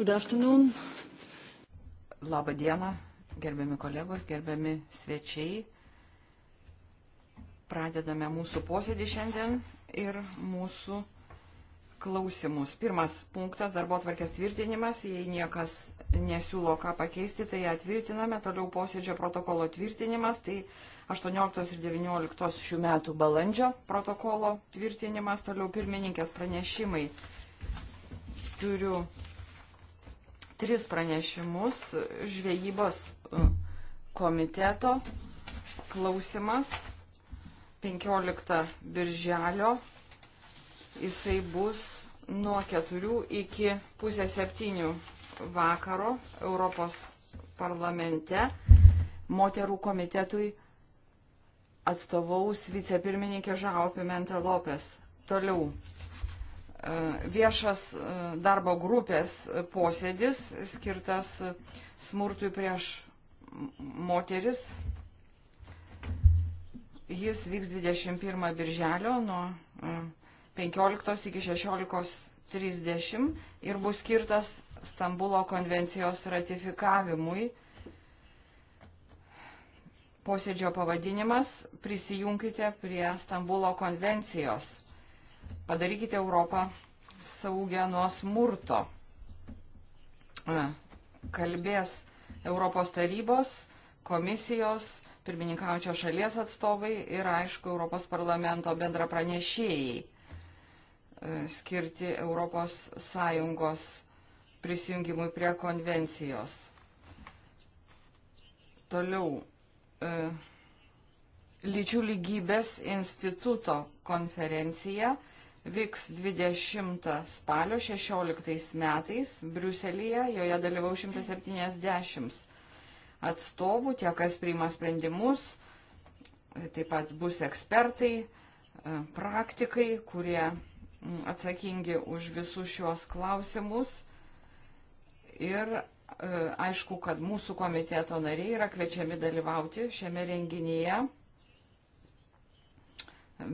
Good afternoon. Labą dieną, gerbiami kolegos, gerbiami svečiai. Pradedame mūsų posėdį šiandien ir mūsų klausimus. Pirmas punktas - darbo tvarkės tvirtinimas. Jei niekas nesiūlo ką pakeisti, tai ją tvirtiname. Toliau posėdžio protokolo tvirtinimas, tai 18 ir 19 šių metų balandžio protokolo tvirtinimas. Toliau pirmininkės pranešimai. Turiu tris pranešimus žvejybos uh, komiteto klausimas 15 birželio. Jisai bus nuo 4 iki pusės 7 vakaro Europos parlamente moterų komitetui atstovaus vicepirmininkė Žao Pimentė Lopes. Toliau E, viešas e, darbo grupės posėdis skirtas smurtui prieš moteris. Jis vyks 21 birželio nuo 15 e, iki 16.30 ir bus skirtas Stambulo konvencijos ratifikavimui. Posėdžio pavadinimas - prisijunkite prie Stambulo konvencijos. Padarykite Europą saugę nuo smurto. E, kalbės Europos tarybos, komisijos, pirmininkaujančios šalies atstovai ir, aišku, Europos parlamento bendra pranešėjai e, skirti Europos Sąjungos prisijungimui prie konvencijos. Toliau. E, lyčių lygybės instituto konferencija vyks 20 spalio 16 metais Briuselėje, joje dalyvau 170 atstovų, tie, kas priima sprendimus, taip pat bus ekspertai, e, praktikai, kurie atsakingi už visus šios klausimus. Ir e, aišku, kad mūsų komiteto nariai yra kviečiami dalyvauti šiame renginyje.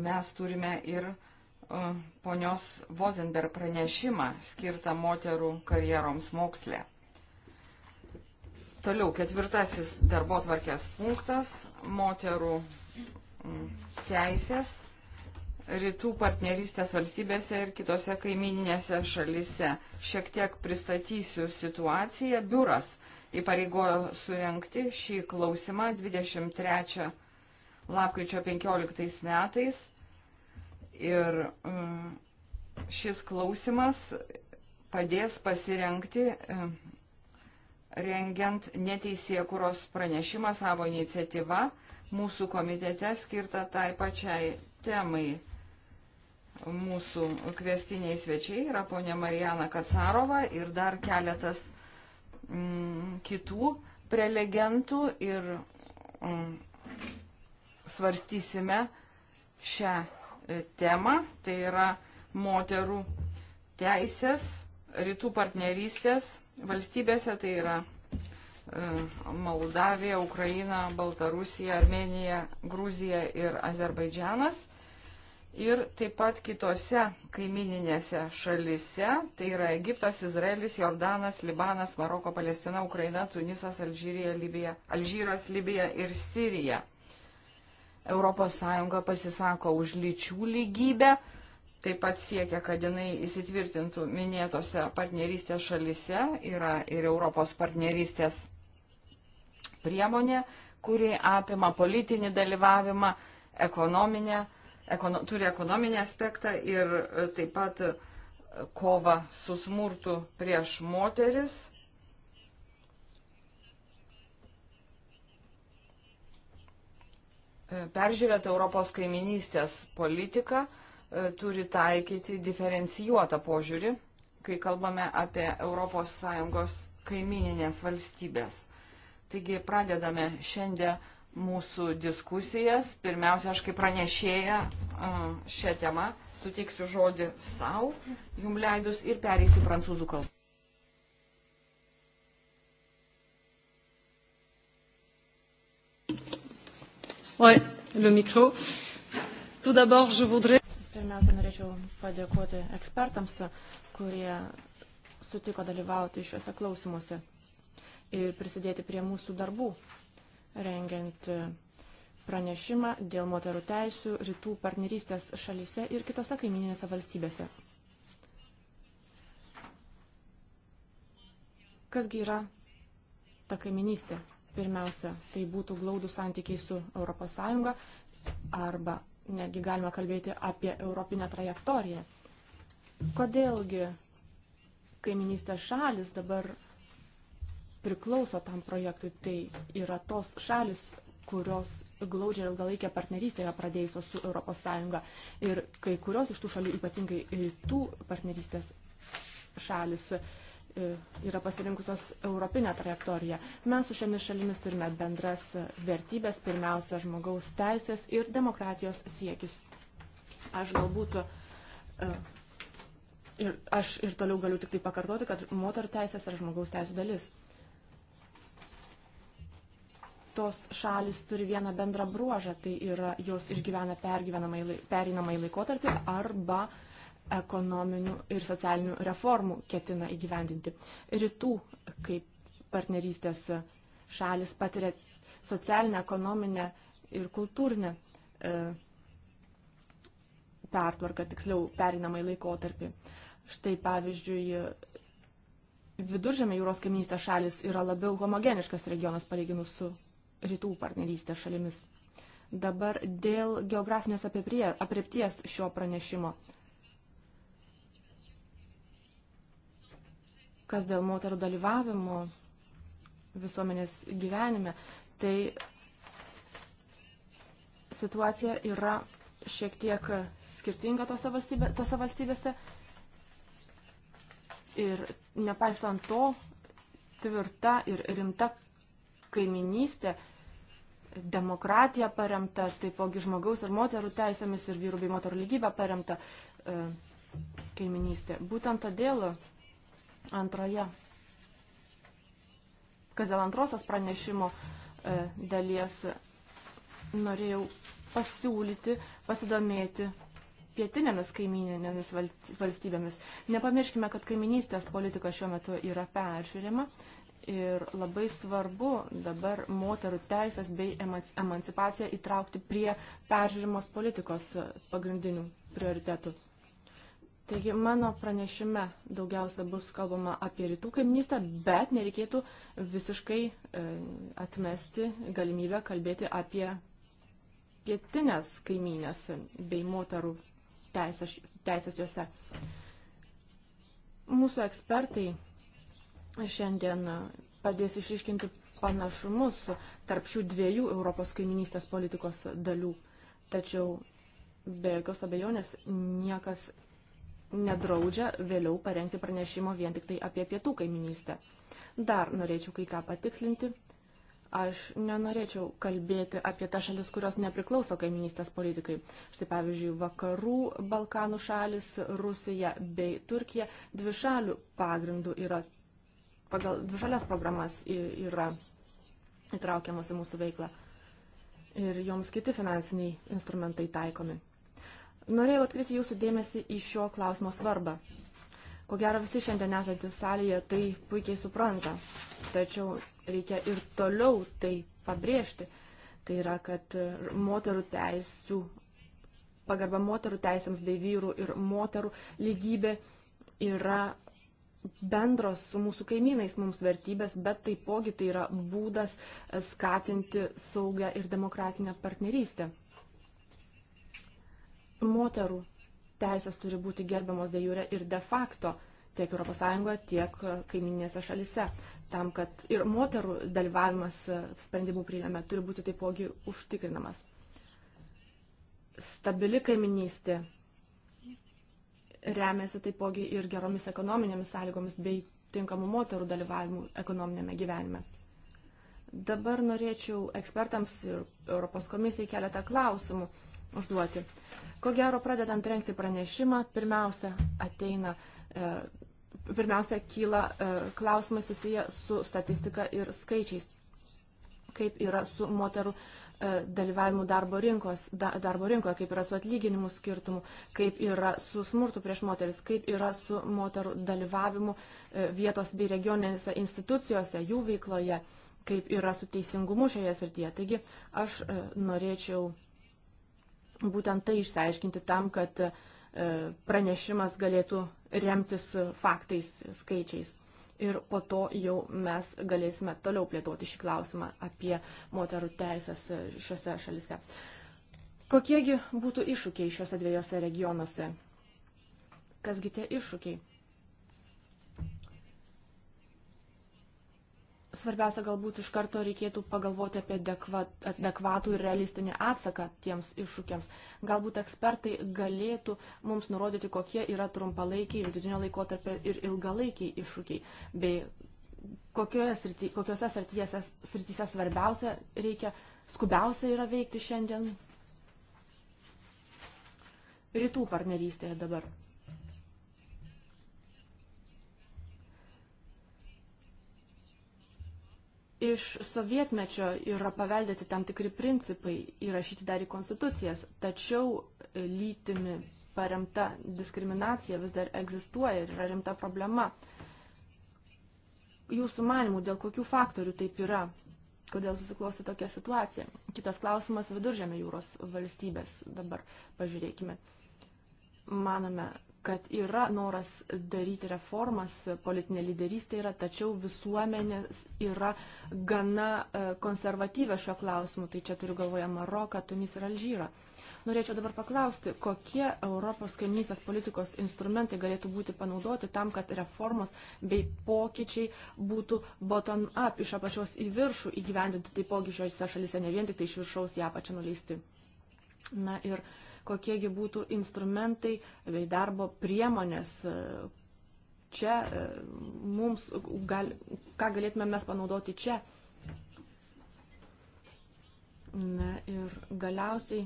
Mes turime ir ponios Vozenberg pranešimą skirtą moterų karjeroms moksle. Toliau ketvirtasis darbo tvarkės punktas - moterų mm, teisės rytų partnerystės valstybėse ir kitose kaimininėse šalise. Šiek tiek pristatysiu situaciją. Biuras įpareigojo surenkti šį klausimą 23 lapkričio 15 metais Ir mm, šis klausimas padės pasirenkti mm, rengiant neteisėkuros pranešimą savo iniciatyvą mūsų komitete skirtą tai pačiai temai. Mūsų kvestiniai svečiai yra ponė Marijana Kacarova ir dar keletas mm, kitų prelegentų ir mm, svarstysime šią temą, tai yra moterų teisės, rytų partnerystės valstybėse, tai yra e, Moldavija, Ukraina, Baltarusija, Armenija, Gruzija ir Azerbaidžianas. Ir taip pat kitose kaimininėse šalise, tai yra Egiptas, Izraelis, Jordanas, Libanas, Maroko, Palestina, Ukraina, Tunisas, Alžyrija, Libija, Alžyras, Libija ir Sirija. ES pasisako už lyčių lygybę, taip pat siekia, kad jinai įsitvirtintų minėtose partnerystės šalise, yra ir Europos partnerystės priemonė, kuri apima politinį dalyvavimą, ekonominę, ekono, turi ekonominį aspektą ir e, taip pat e, kova su smurtu prieš moteris E, peržiūrėta Europos kaiminystės politika e, turi taikyti diferencijuotą požiūrį, kai kalbame apie ES kaimininės valstybės. Taigi pradedame šiandien mūsų diskusijas. Pirmiausia, aš kaip pranešėja e, šią temą sutiksiu žodį savo, jum leidus, ir pereisiu prancūzų kalbą. Ouais, le micro. Tout d'abord, je voudrais. Pirmiausia, norėčiau padėkoti ekspertams, kurie sutiko dalyvauti šiuose klausimuose ir prisidėti prie mūsų darbų, rengiant pranešimą dėl moterų teisų rytų partnerystės šalyse ir kitose kaimininėse valstybėse. Kasgi yra ta kaiminystė? Pirmiausia, tai būtų glaudų santykiai su ES arba netgi galima kalbėti apie europinę trajektoriją. Kodėlgi kaiminystės šalis dabar priklauso tam projektui, tai yra tos šalis, kurios glaudžia ilgalaikę partnerystę yra pradėjusios su ES. Ir kai kurios iš tų šalių, ypatingai rytų partnerystės šalis, uh, E, yra pasirinkusios europinę trajektoriją. Mes su šiomis šalimis turime bendras vertybės, pirmiausia, žmogaus teisės ir demokratijos siekis. Aš galbūt e, ir aš ir toliau galiu tik tai pakartoti, kad moterų teisės yra žmogaus teisų dalis. Tos šalis turi vieną bendrą bruožą, tai yra jos išgyvena pereinamąjį laikotarpį arba uh, ekonominių ir socialinių reformų ketina įgyvendinti. Rytų kaip partnerystės šalis patiria socialinę, ekonominę ir kultūrinę e, pertvarką, tiksliau perinamai laikotarpį. Štai pavyzdžiui, viduržėmė jūros kaiminystės šalis yra labiau homogeniškas regionas palyginus su rytų partnerystės šalimis. Dabar dėl geografinės apriepties šio pranešimo Kas dėl moterų dalyvavimo visuomenės gyvenime, tai situacija yra šiek tiek skirtinga tose, valstybė, tose valstybėse. Ir nepaisant to, tvirta ir rimta kaiminystė, demokratija paremta, taipogi žmogaus ir moterų teisėmis ir vyrų bei moterų lygybę paremta e, kaiminystė. Būtent todėl Antroje. Kas dėl antrosios pranešimo e, dalies e, norėjau pasiūlyti, pasidomėti pietinėmis kaimininėmis valstybėmis. Nepamirškime, kad kaiminystės politika šiuo metu yra peržiūrima ir labai svarbu dabar moterų teisės bei emancipaciją įtraukti prie peržiūrimos politikos e, pagrindinių prioritetų. Taigi mano pranešime daugiausia bus kalbama apie rytų kaimynystę, bet nereikėtų visiškai e, atmesti galimybę kalbėti apie pietinės kaimynės bei moterų teisės, teisės juose. Mūsų ekspertai šiandien padės išiškinti panašumus tarp šių dviejų Europos kaiminystės politikos dalių. Tačiau be jokios abejonės niekas nedraudžia vėliau parengti pranešimo vien tik tai apie pietų kaiminystę. Dar norėčiau kai ką patikslinti. Aš nenorėčiau kalbėti apie tą šalis, kurios nepriklauso kaiminystės politikai. Štai pavyzdžiui, vakarų Balkanų šalis, Rusija bei Turkija dvišalių pagrindų yra, pagal dvišalės programas yra įtraukiamos į mūsų veiklą. Ir joms kiti finansiniai instrumentai taikomi. Norėjau atkreipti jūsų dėmesį į šio klausimo svarbą. Ko gero visi šiandien esantys salėje tai puikiai supranta, tačiau reikia ir toliau tai pabrėžti. Tai yra, kad moterų teisų, pagarba moterų teisėms bei vyrų ir moterų lygybė yra bendros su mūsų kaimynais mums vertybės, bet taipogi tai yra būdas skatinti saugę ir demokratinę partnerystę. Moterų teisės turi būti gerbiamos de jure ir de facto tiek ES, tiek kaiminėse šalise. Tam, kad ir moterų dalyvavimas sprendimų priėmė turi būti taipogi užtikrinamas. Stabili kaiminystė remiasi taipogi ir geromis ekonominėmis sąlygomis bei tinkamų moterų dalyvavimų ekonominėme gyvenime. Dabar norėčiau ekspertams ir Europos komisijai keletą klausimų užduoti. Ko gero, pradedant renkti pranešimą, pirmiausia ateina, e, pirmiausia kyla e, klausimai susiję su statistika ir skaičiais, kaip yra su moterų e, dalyvavimu darbo, rinkos, da, darbo rinkoje, kaip yra su atlyginimu skirtumu, kaip yra su smurtu prieš moteris, kaip yra su moterų dalyvavimu e, vietos bei regioninėse institucijose, jų veikloje, kaip yra su teisingumu šioje srityje. Taigi aš e, norėčiau būtent tai išsiaiškinti tam, kad e, pranešimas galėtų remtis faktais, skaičiais. Ir po to jau mes galėsime toliau plėtoti šį klausimą apie moterų teisės šiuose šalise. Kokiegi būtų iššūkiai šiuose dviejose regionuose? Kasgi tie iššūkiai? Svarbiausia, galbūt iš karto reikėtų pagalvoti apie adekvatų ir realistinį atsaką tiems iššūkiams. Galbūt ekspertai galėtų mums nurodyti, kokie yra trumpalaikiai, vidutinio laikotarpio ir ilgalaikiai iššūkiai, bei srity, kokiuose srityse, srityse svarbiausia reikia, skubiausia yra veikti šiandien. Rytų partnerystėje dabar. iš sovietmečio yra paveldėti tam tikri principai įrašyti dar į konstitucijas, tačiau e, lytimi paremta diskriminacija vis dar egzistuoja ir yra rimta problema. Jūsų manimų, dėl kokių faktorių taip yra, kodėl susiklosti tokia situacija? Kitas klausimas viduržėmė jūros valstybės dabar pažiūrėkime manome, kad yra noras daryti reformas, politinė lyderystė yra, tačiau visuomenės yra gana e, konservatyvė šio klausimu, tai čia turiu galvoje Maroką, Tunis ir Alžyrą. Norėčiau dabar paklausti, kokie Europos kaimynystės politikos instrumentai galėtų būti panaudoti tam, kad reformos bei pokyčiai būtų bottom-up iš apačios į viršų įgyvendinti taipogi šiuose šalise, ne vien tik tai iš viršaus į apačią nuleisti. Na ir uh, kokiegi būtų instrumentai bei darbo priemonės. E, čia e, mums, gal, ką galėtume mes panaudoti čia. Na ir galiausiai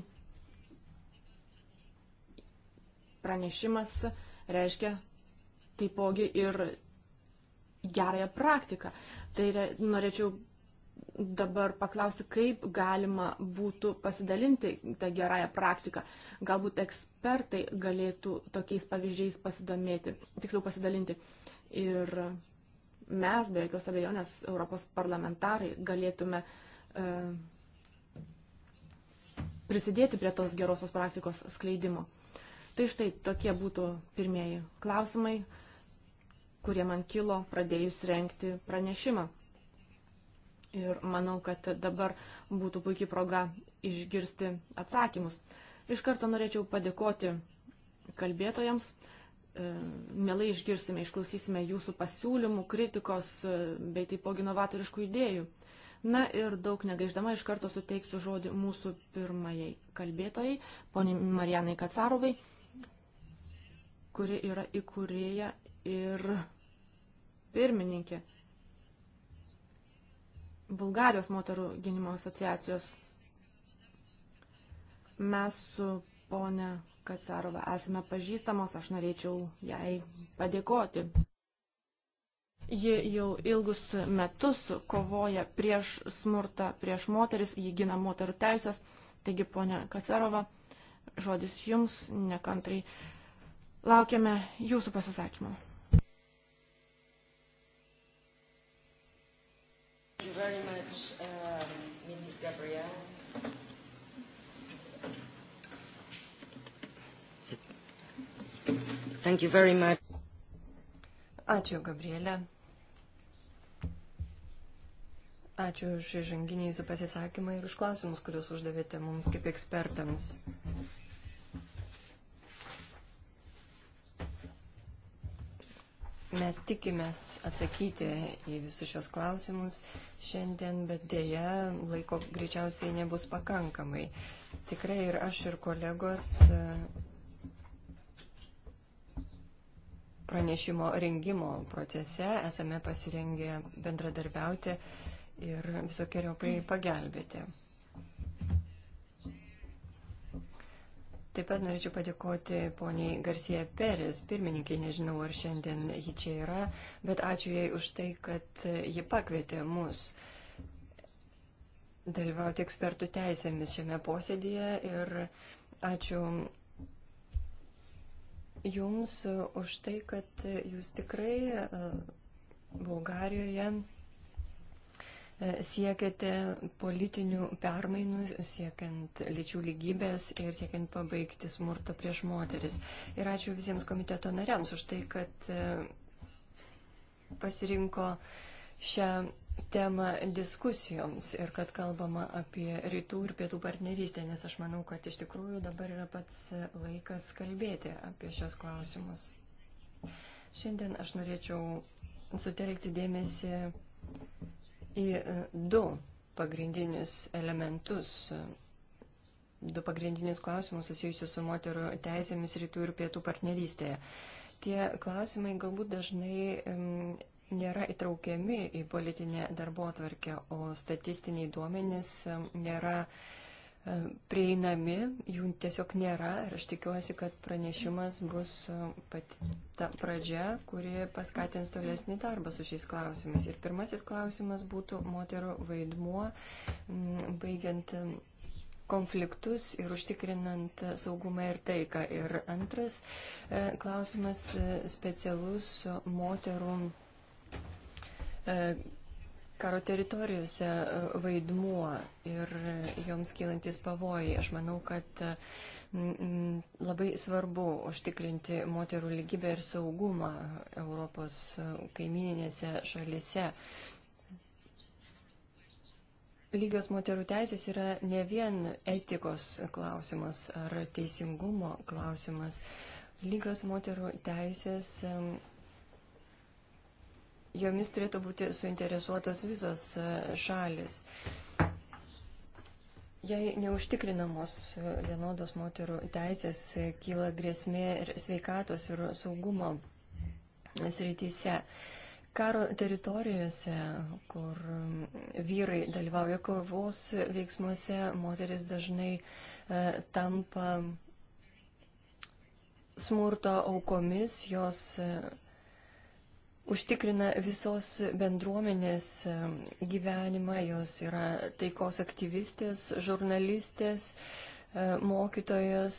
pranešimas reiškia taipogi ir gerąją praktiką. Tai re, norėčiau dabar paklausti, kaip galima būtų pasidalinti tą gerąją praktiką. Galbūt ekspertai galėtų tokiais pavyzdžiais pasidomėti, tiksliau pasidalinti. Ir mes, be jokios abejonės, Europos parlamentarai galėtume e, prisidėti prie tos gerosios praktikos skleidimo. Tai štai tokie būtų pirmieji klausimai, kurie man kilo pradėjus renkti pranešimą. Ir manau, kad dabar būtų puikiai proga išgirsti atsakymus. Iš karto norėčiau padėkoti kalbėtojams. E, mielai išgirsime, išklausysime jūsų pasiūlymų, kritikos e, bei taipogi novatoriškų idėjų. Na ir daug negaiždama iš karto suteiksiu žodį mūsų pirmajai kalbėtojai, poniai Marijanai Kacarovai, kuri yra įkūrėja ir pirmininkė Bulgarijos moterų gynimo asociacijos. Mes su ponė Kacarova esame pažįstamos, aš norėčiau jai padėkoti. Ji jau ilgus metus kovoja prieš smurtą, prieš moteris, jį gina moterų teisės. Taigi, ponė Kacarova, žodis jums nekantrai. Laukiame jūsų pasisakymą. Thank you very much. Ačiū, Gabrielė. Ačiū už įžanginį jūsų pasisakymą ir už klausimus, kuriuos uždavėte mums kaip ekspertams. Mes tikimės atsakyti į visus šios klausimus šiandien, bet dėja laiko greičiausiai nebus pakankamai. Tikrai ir aš ir kolegos pranešimo rengimo procese esame pasirengę bendradarbiauti ir visokiojopai mm. pagelbėti. Taip pat norėčiau padėkoti poniai Garcia Peres, pirmininkai, nežinau ar šiandien ji čia yra, bet ačiū jai už tai, kad ji pakvietė mus dalyvauti ekspertų teisėmis šiame posėdėje ir ačiū Jums e, už tai, kad e, Jūs tikrai e, Bulgarijoje siekiate politinių permainų, siekiant lyčių lygybės ir siekiant pabaigti smurto prieš moteris. Ir ačiū visiems komiteto nariams už tai, kad pasirinko šią temą diskusijoms ir kad kalbama apie rytų ir pietų partnerystę, nes aš manau, kad iš tikrųjų dabar yra pats laikas kalbėti apie šios klausimus. Šiandien aš norėčiau sutelkti dėmesį į e, du pagrindinius elementus, du pagrindinius klausimus susijusius su moterų teisėmis rytų ir pietų partnerystėje tie klausimai galbūt dažnai nėra įtraukiami į politinę darbo atvarkę, o statistiniai duomenys um, nėra um, prieinami, jų tiesiog nėra ir aš tikiuosi, kad pranešimas bus um, pati ta pradžia, kuri paskatins tolesnį darbą su šiais klausimais. Ir pirmasis klausimas būtų moterų vaidmuo, mm, baigiant konfliktus ir užtikrinant saugumą ir taiką. Ir antras e, klausimas e, specialus moterų E, karo teritorijose e, vaidmuo ir joms kylantis pavojai. Aš manau, kad e, labai svarbu užtikrinti moterų lygybę ir saugumą Europos kaimininėse šalise. Lygios moterų teisės yra ne vien etikos klausimas ar teisingumo klausimas. Lygios moterų teisės jomis turėtų būti suinteresuotos visos e, šalis. Jei neužtikrinamos e, vienodos moterų teisės, e, kyla grėsmė ir sveikatos ir saugumo srityse. Karo teritorijose, kur mm, vyrai dalyvauja kovos veiksmuose, moteris dažnai tampa smurto aukomis, jos užtikrina visos bendruomenės gyvenimą, jos yra taikos aktyvistės, žurnalistės, e, mokytojos,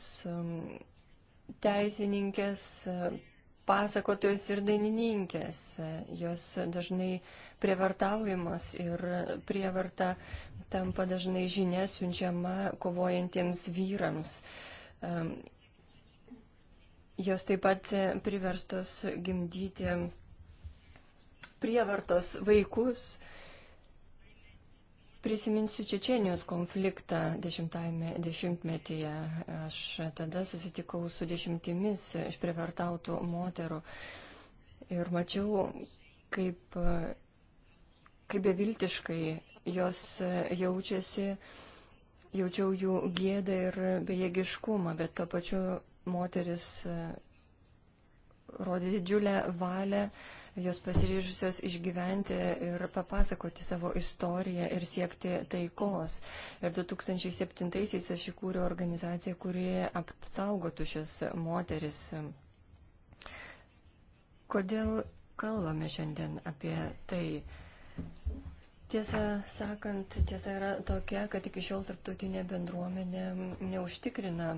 teisininkės, e, pasakotojos ir dainininkės. E, jos dažnai prievartaujamos ir prievarta tampa dažnai žinia siunčiama kovojantiems vyrams. Jos taip pat priverstos gimdyti prievartos vaikus. Prisiminsiu Čečenijos konfliktą dešimtajame dešimtmetyje. Aš tada susitikau su dešimtimis išprivartautų moterų ir mačiau, kaip, kaip beviltiškai jos jaučiasi, jaučiau jų gėdą ir bejėgiškumą, bet to pačiu moteris rodė didžiulę valią jos pasiryžusios išgyventi ir papasakoti savo istoriją ir siekti taikos. Ir 2007-aisiais aš įkūriau organizaciją, kuri apsaugotų šias moteris. Kodėl kalbame šiandien apie tai? Tiesą sakant, tiesa yra tokia, kad iki šiol tarptautinė bendruomenė neužtikrina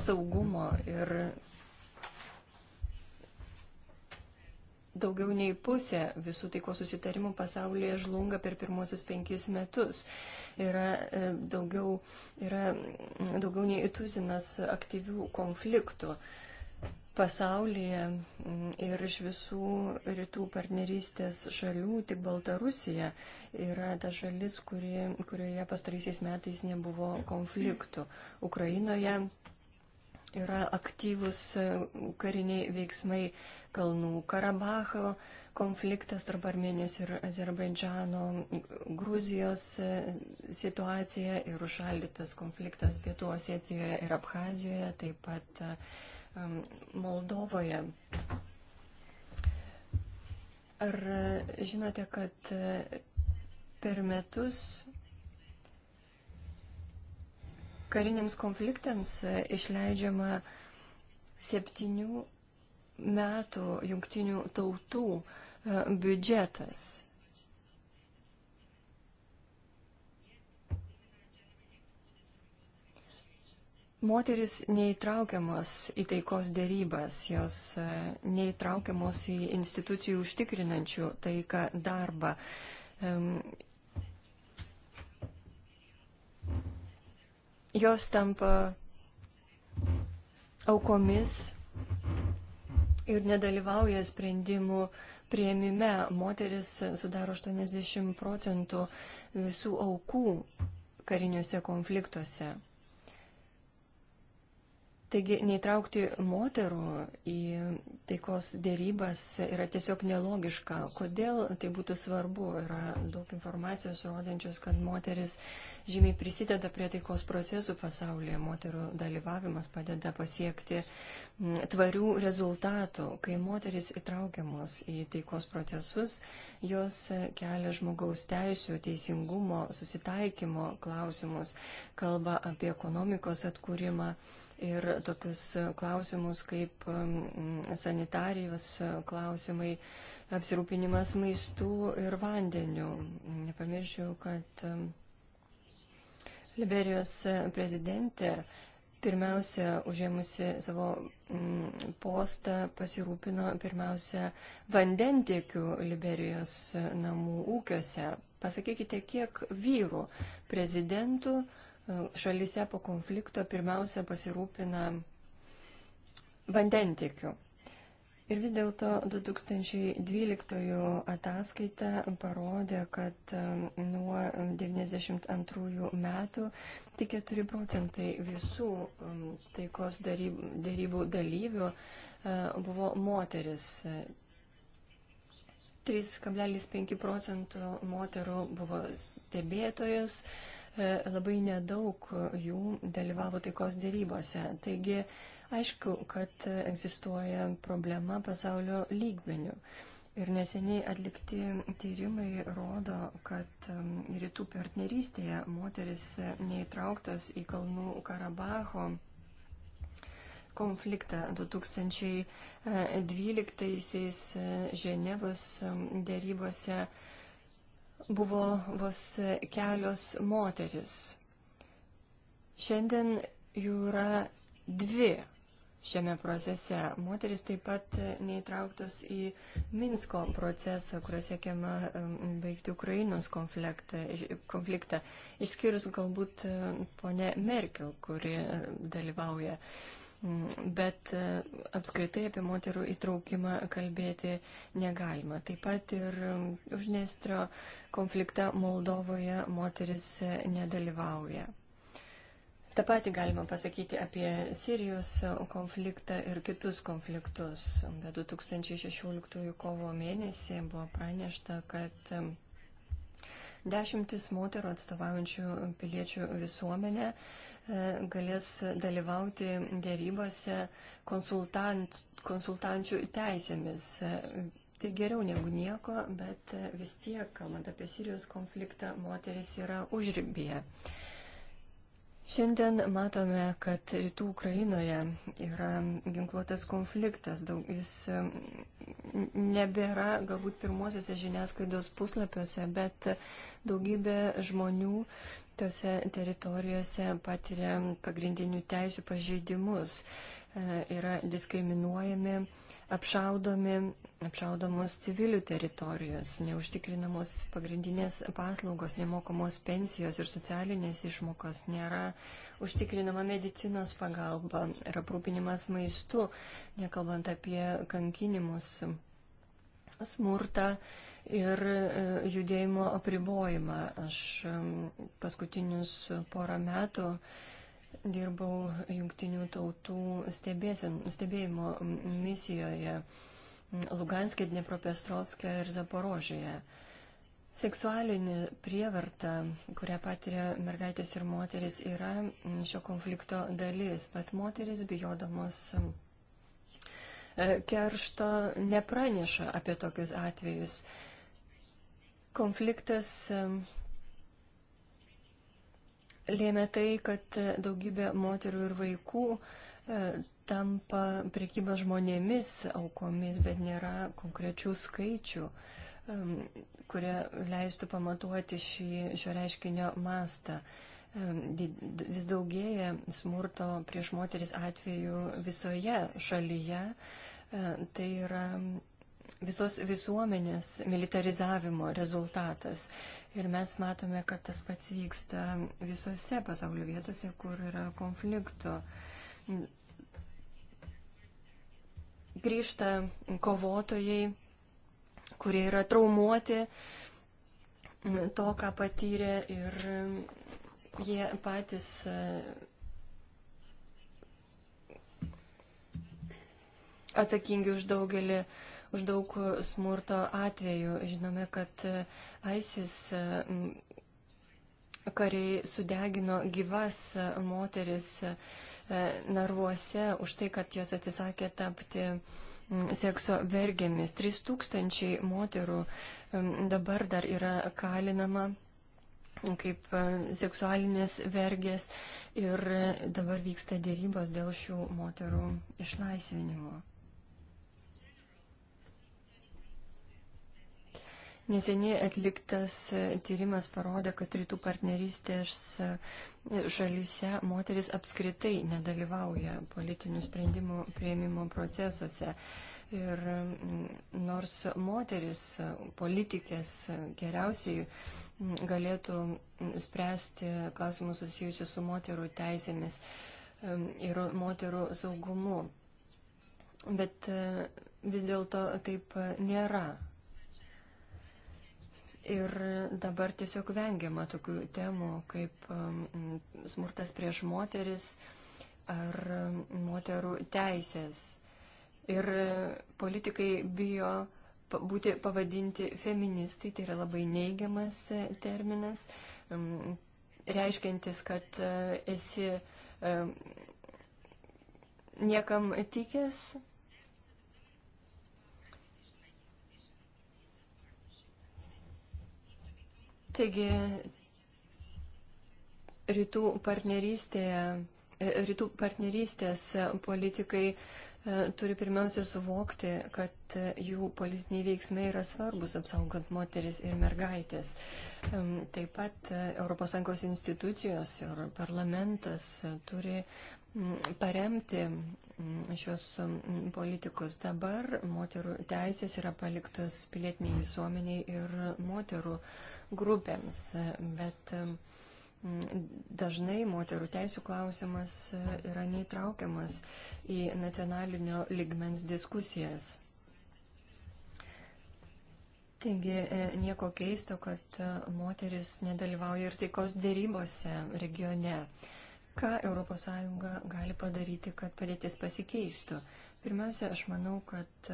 saugumo ir daugiau nei pusė visų taikos susitarimų pasaulyje žlunga per pirmosius penkis metus. Yra e, daugiau, yra daugiau nei tuzinas aktyvių konfliktų pasaulyje ir iš visų rytų partnerystės šalių tik Baltarusija yra ta šalis, kuri, kurioje pastaraisiais metais nebuvo konfliktų. Ukrainoje yra aktyvus e, kariniai veiksmai Kalnų Karabacho konfliktas tarp Armenijos ir Azerbaidžano, Gruzijos e, situacija ir užšaldytas konfliktas Pietų Osetijoje ir Abhazijoje, taip pat e, Moldovoje. Ar žinote, kad per metus kariniams konfliktams e, išleidžiama septynių metų jungtinių tautų e, biudžetas. Moteris neįtraukiamos į taikos dėrybas, jos e, neįtraukiamos į institucijų užtikrinančių taiką darbą. Jos tampa aukomis ir nedalyvauja sprendimų prieimime. Moteris sudaro 80 procentų visų aukų kariniuose konfliktuose. Taigi neįtraukti moterų į taikos dėrybas yra tiesiog nelogiška. Kodėl tai būtų svarbu? Yra daug informacijos rodančios, kad moteris žymiai prisideda prie taikos procesų pasaulyje. Moterų dalyvavimas padeda pasiekti tvarių rezultatų. Kai moteris įtraukiamos į taikos procesus, jos kelia žmogaus teisų, teisingumo, susitaikymo klausimus, kalba apie ekonomikos atkūrimą ir tokius klausimus kaip um, sanitarijos klausimai, apsirūpinimas maistų ir vandeniu. Nepamiršiu, kad um, Liberijos prezidentė pirmiausia, užėmusi savo mm, postą, pasirūpino pirmiausia vandentiekių Liberijos namų ūkiuose. Pasakykite, kiek vyrų prezidentų uh, šalyse po konflikto pirmiausia pasirūpina vandentikiu. Ir vis dėlto 2012 ataskaita parodė, kad e, nuo 1992 metų tik 4 procentai visų e, taikos darybų dalyvių e, buvo moteris. 3,5 procentų moterų buvo stebėtojus, E, labai nedaug jų dalyvavo taikos dėrybose. Taigi, aišku, kad egzistuoja problema pasaulio lygmenių. Ir neseniai atlikti tyrimai rodo, kad rytų partnerystėje moteris neįtrauktos į Kalnų Karabaho konfliktą 2012 e, e, Ženevos dėrybose buvo vos kelios moteris. Šiandien jų yra dvi šiame procese. Moteris taip pat neįtrauktos į Minsko procesą, kur siekiama baigti Ukrainos konfliktą, konfliktą, išskyrus galbūt ponę Merkel, kuri dalyvauja Mm, bet e, apskritai apie moterų įtraukimą kalbėti negalima. Taip pat ir užnestrio konflikte Moldovoje moteris e, nedalyvauja. Ta pati galima pasakyti apie Sirijos konfliktą ir kitus konfliktus. Be 2016 kovo mėnesį buvo pranešta, kad dešimtis moterų atstovaujančių piliečių visuomenę uh, E, galės dalyvauti dėrybose konsultant, konsultančių teisėmis. Tai geriau negu nieko, bet vis tiek, kalbant apie Sirijos konfliktą, moteris yra užribėje. Šiandien matome, kad rytų Ukrainoje yra ginkluotas konfliktas. Daug, jis nebėra galbūt pirmosiuose žiniasklaidos puslapiuose, bet daugybė žmonių tose teritorijose patiria pagrindinių teisų pažeidimus, e, yra diskriminuojami, apšaudomi, apšaudomos civilių teritorijos, neužtikrinamos pagrindinės paslaugos, nemokamos pensijos ir socialinės išmokos, nėra užtikrinama medicinos pagalba ir aprūpinimas maistu, nekalbant apie kankinimus smurtą ir e, judėjimo apribojimą. Aš e, paskutinius porą metų dirbau jungtinių tautų stebėjimo misijoje Luganskė, Dnepropestrovskė ir Zaporožėje. Seksualinė prievarta, kurią patiria mergaitės ir moteris, yra šio konflikto dalis, bet moteris bijodamos E, keršto nepraneša apie tokius atvejus. Konfliktas e, lėmė tai, kad daugybė moterų ir vaikų e, tampa priekybos žmonėmis aukomis, bet nėra konkrečių skaičių, kurie leistų pamatuoti šį, šio reiškinio mastą vis daugėja smurto prieš moteris atveju visoje šalyje. Tai yra visos visuomenės militarizavimo rezultatas. Ir mes matome, kad tas pats vyksta visose pasaulio vietose, kur yra konflikto. Grįžta kovotojai, kurie yra traumuoti to, ką patyrė ir Jie patys e, atsakingi už daugelį, už daug smurto atvejų. Žinome, kad e, ISIS e, kariai sudegino gyvas moteris narvuose už tai, kad jos atsisakė tapti sekso vergėmis. 3000 moterų dabar dar yra kalinama kaip e, seksualinės vergės ir e, dabar vyksta dėrybos dėl šių moterų išlaisvinimo. Neseniai atliktas e, tyrimas parodė, kad rytų partnerystės šalyse moteris apskritai nedalyvauja politinių sprendimų prieimimo procesuose. Ir nors moteris politikės geriausiai galėtų spręsti klausimus susijusius su moterų teisėmis ir moterų saugumu. Bet e, vis dėlto taip nėra. Ir dabar tiesiog vengiama tokių temų kaip smurtas prieš moteris ar moterų teisės. Ir e, politikai bijo būti pavadinti feministai, tai yra labai neigiamas e, terminas, reiškintis, kad e, esi e, niekam tikęs. Taigi, rytų, rytų partnerystės politikai E, turi pirmiausia suvokti, kad e, jų politiniai veiksmai yra svarbus apsaugant moteris ir mergaitės. Taip pat ES institucijos ir parlamentas e, turi paremti šios politikus. Dabar moterų teisės yra paliktos pilietiniai visuomeniai ir moterų grupėms, bet Dažnai moterų teisų klausimas yra neįtraukiamas į nacionalinio ligmens diskusijas. Taigi e, nieko keisto, kad e, moteris nedalyvauja ir taikos dėrybose regione. Ką ES gali padaryti, kad padėtis pasikeistų? Pirmiausia, aš manau, kad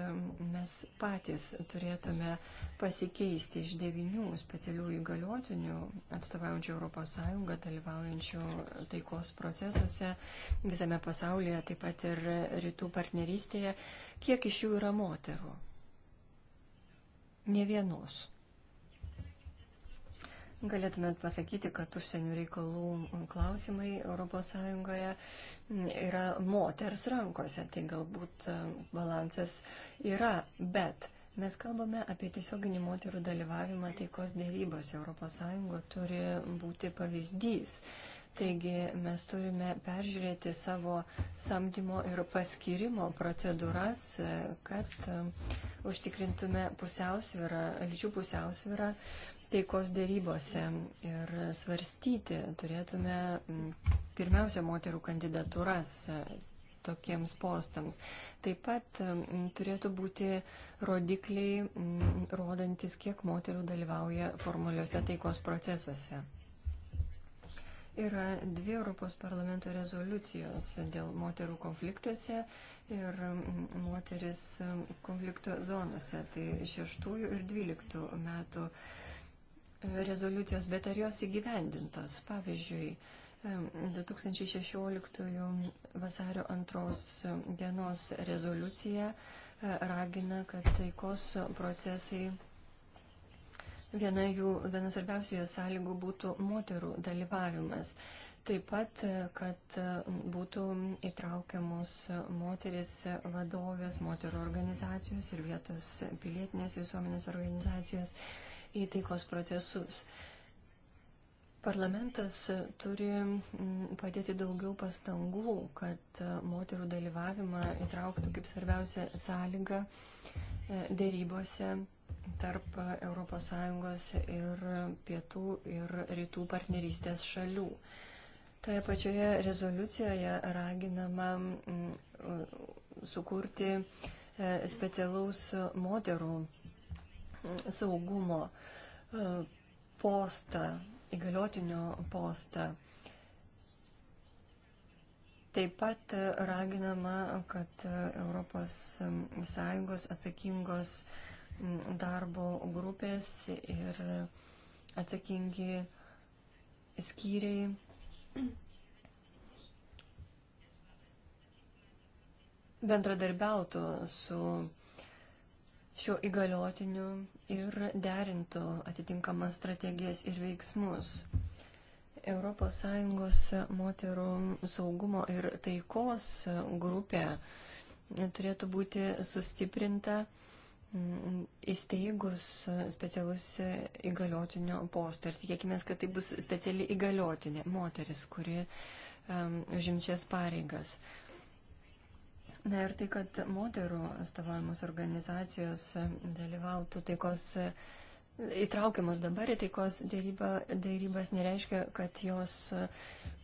mes patys turėtume pasikeisti iš devinių specialių įgaliotinių atstovaujančių ES, dalyvaujančių taikos procesuose visame pasaulyje, taip pat ir rytų partnerystėje. Kiek iš jų yra moterų? Ne vienos. Galėtumėt pasakyti, kad užsienio reikalų klausimai ES yra moters rankose, tai galbūt e, balansas yra, bet mes kalbame apie tiesioginį moterų dalyvavimą taikos dėrybose. ES turi būti pavyzdys. Taigi mes turime peržiūrėti savo samdymo ir paskirimo procedūras, e, kad e, užtikrintume pusiausvyrą, lyčių pusiausvyrą taikos dėrybose ir svarstyti turėtume mm, pirmiausia moterų kandidatūras e, tokiems postams. Taip pat mm, turėtų būti rodikliai, mm, rodantis, kiek moterų dalyvauja formaliuose taikos procesuose. Yra dvi Europos parlamento rezoliucijos dėl moterų konfliktuose ir moteris konflikto zonose, tai šeštųjų ir dvyliktų metų rezoliucijos, bet ar jos įgyvendintos. Pavyzdžiui, 2016 vasario 2 dienos rezoliucija e, ragina, kad taikos procesai viena jų, vienas svarbiausių jos sąlygų būtų moterų dalyvavimas. Taip pat, e, kad e, būtų įtraukiamos moteris vadovės, moterų organizacijos ir vietos pilietinės visuomenės organizacijos. Uh, į taikos procesus. Parlamentas turi mm, padėti daugiau pastangų, kad e, moterų dalyvavimą įtrauktų kaip svarbiausia sąlyga e, dėrybose tarp ES ir pietų ir rytų partnerystės šalių. Toje pačioje rezoliucijoje raginama mm, sukurti e, specialaus moterų saugumo e, postą, įgaliotinio postą. Taip pat raginama, kad ES atsakingos darbo grupės ir atsakingi skyriai bendradarbiautų su šiuo įgaliotiniu ir derintų atitinkamas strategijas ir veiksmus. ES moterų saugumo ir taikos grupė turėtų būti sustiprinta įsteigus specialus įgaliotinio postą. Ir tikėkime, kad tai bus speciali įgaliotinė moteris, kuri užims um, šias pareigas. Um, Na ir tai, kad moterų atstovavimus organizacijos dalyvautų taikos, įtraukiamus dabar į taikos dėryba, dėrybas, nereiškia, kad jos,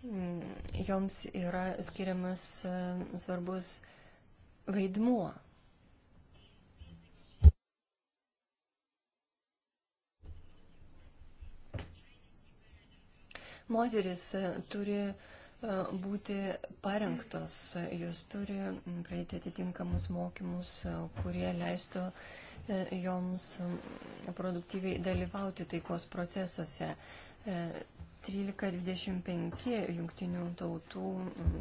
mm, joms yra skiriamas e, svarbus vaidmuo. Moteris e, turi uh, E, būti parengtos, jos turi praeiti atitinkamus mokymus, e, kurie leistų e, joms produktyviai dalyvauti taikos procesuose. 1325 Junktinių tautų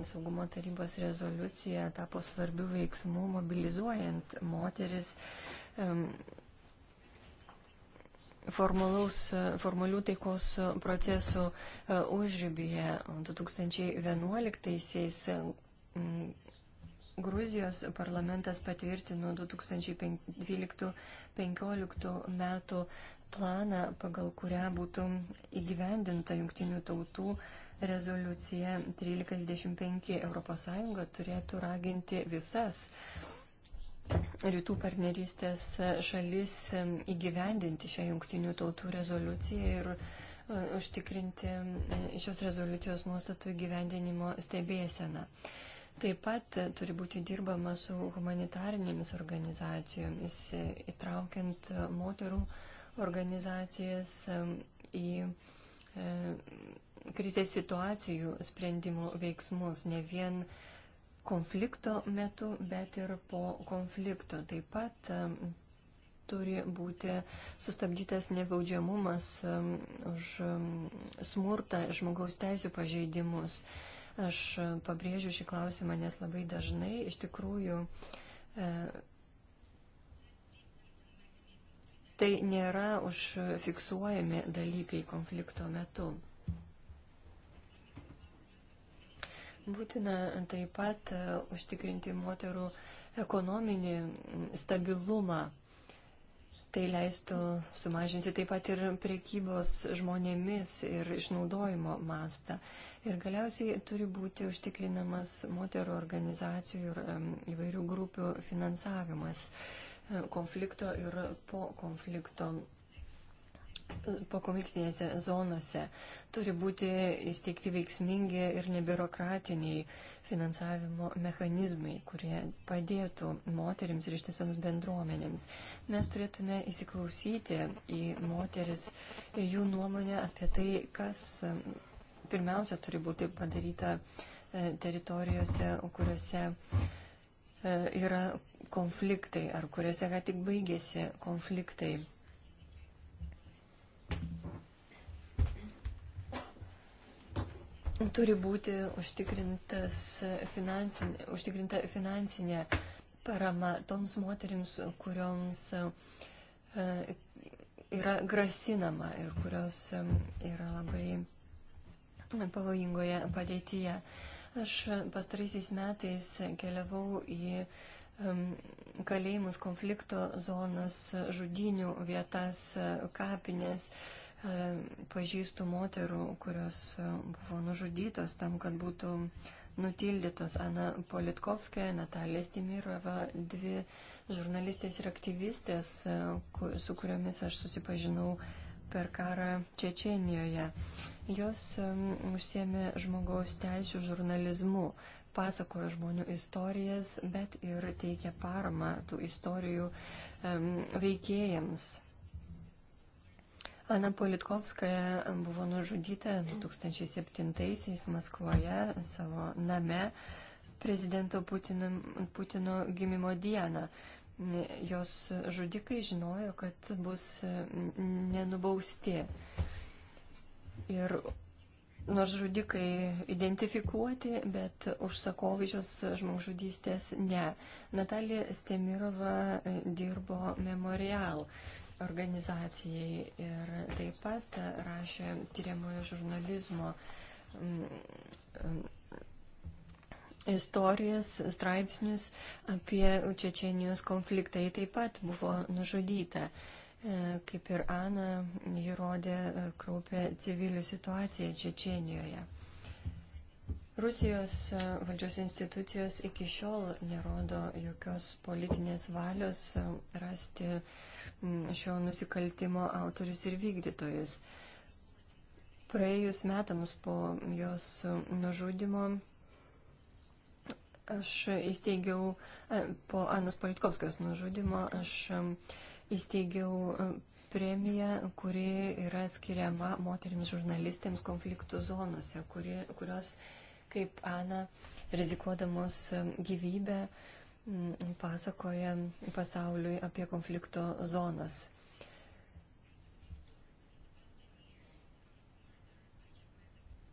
saugumo tarybos rezoliucija tapo svarbių veiksmų mobilizuojant moteris formalių taikos procesų e, užrybėje 2011-aisiais mm, Gruzijos parlamentas patvirtino 2012-2015 metų planą, pagal kurią būtų įgyvendinta jungtinių tautų rezoliucija 1325 ES turėtų raginti visas rytų partnerystės šalis įgyvendinti šią jungtinių tautų rezoliuciją ir e, užtikrinti e, šios rezoliucijos nuostatų įgyvendinimo stebėseną. Taip pat e, turi būti dirbama su humanitarinėmis organizacijomis, įtraukiant moterų organizacijas į krizės situacijų sprendimo veiksmus, ne vien uh, konflikto metu, bet ir po konflikto. Taip pat turi būti sustabdytas nebaudžiamumas už smurtą ir žmogaus teisų pažeidimus. Aš pabrėžiu šį klausimą, nes labai dažnai iš tikrųjų e, tai nėra užfiksuojami dalykai konflikto metu. Būtina taip pat e, užtikrinti moterų ekonominį stabilumą. Tai leistų sumažinti taip pat ir priekybos žmonėmis ir išnaudojimo mastą. Ir galiausiai turi būti užtikrinamas moterų organizacijų ir įvairių grupių finansavimas e, konflikto ir po konflikto pokonfliktinėse zonose. Turi būti įsteigti veiksmingi ir nebiurokratiniai finansavimo mechanizmai, kurie padėtų moteriams ir ištisoms bendruomenėms. Mes turėtume įsiklausyti į moteris, jų nuomonę apie tai, kas um, pirmiausia turi būti padaryta e, teritorijose, kuriuose e, yra konfliktai ar kuriuose ką tik baigėsi konfliktai. turi būti finansinė, užtikrinta finansinė parama toms moterims, kurioms e, yra grasinama ir kurios e, yra labai pavojingoje padėtyje. Aš pastaraisiais metais keliavau į kalėjimus, konflikto zonas, žudinių vietas, kapinės E, pažįstu moterų, kurios e, buvo nužudytos tam, kad būtų nutildytos Ana Politkovskaja, Natalija Stimirova, dvi žurnalistės ir aktyvistės, e, su kuriomis aš susipažinau per karą Čečenijoje. Jos užsiemė žmogaus teisų žurnalizmu, pasakoja žmonių istorijas, bet ir teikia paramą tų istorijų veikėjams. Ana Politkovskaja buvo nužudyta 2007-aisiais Maskvoje savo name prezidento Putino, Putino gimimo dieną. Jos žudikai žinojo, kad bus nenubausti. Ir nors žudikai identifikuoti, bet užsakovičios žmogžudystės ne. Natalija Stemirova dirbo memorial organizacijai ir taip pat rašė tyriamojo žurnalizmo mm, mm, istorijas, straipsnius apie Čečenijos konfliktą. Ji taip pat buvo nužudyta. E, kaip ir Ana, ji rodė e, kraupę civilių situaciją Čečenijoje. Rusijos e, valdžios institucijos iki šiol nerodo jokios politinės valios rasti uh, šio nusikaltimo autorius ir vykdytojus. Praėjus metams po jos nužudimo aš įsteigiau, po Anos Politkovskijos nužudimo, aš įsteigiau premija, kuri yra skiriama moteriams žurnalistėms konfliktų zonose, kuri, kurios kaip Ana, rizikuodamos gyvybę, uh, pasakoja pasauliui apie konflikto zonas.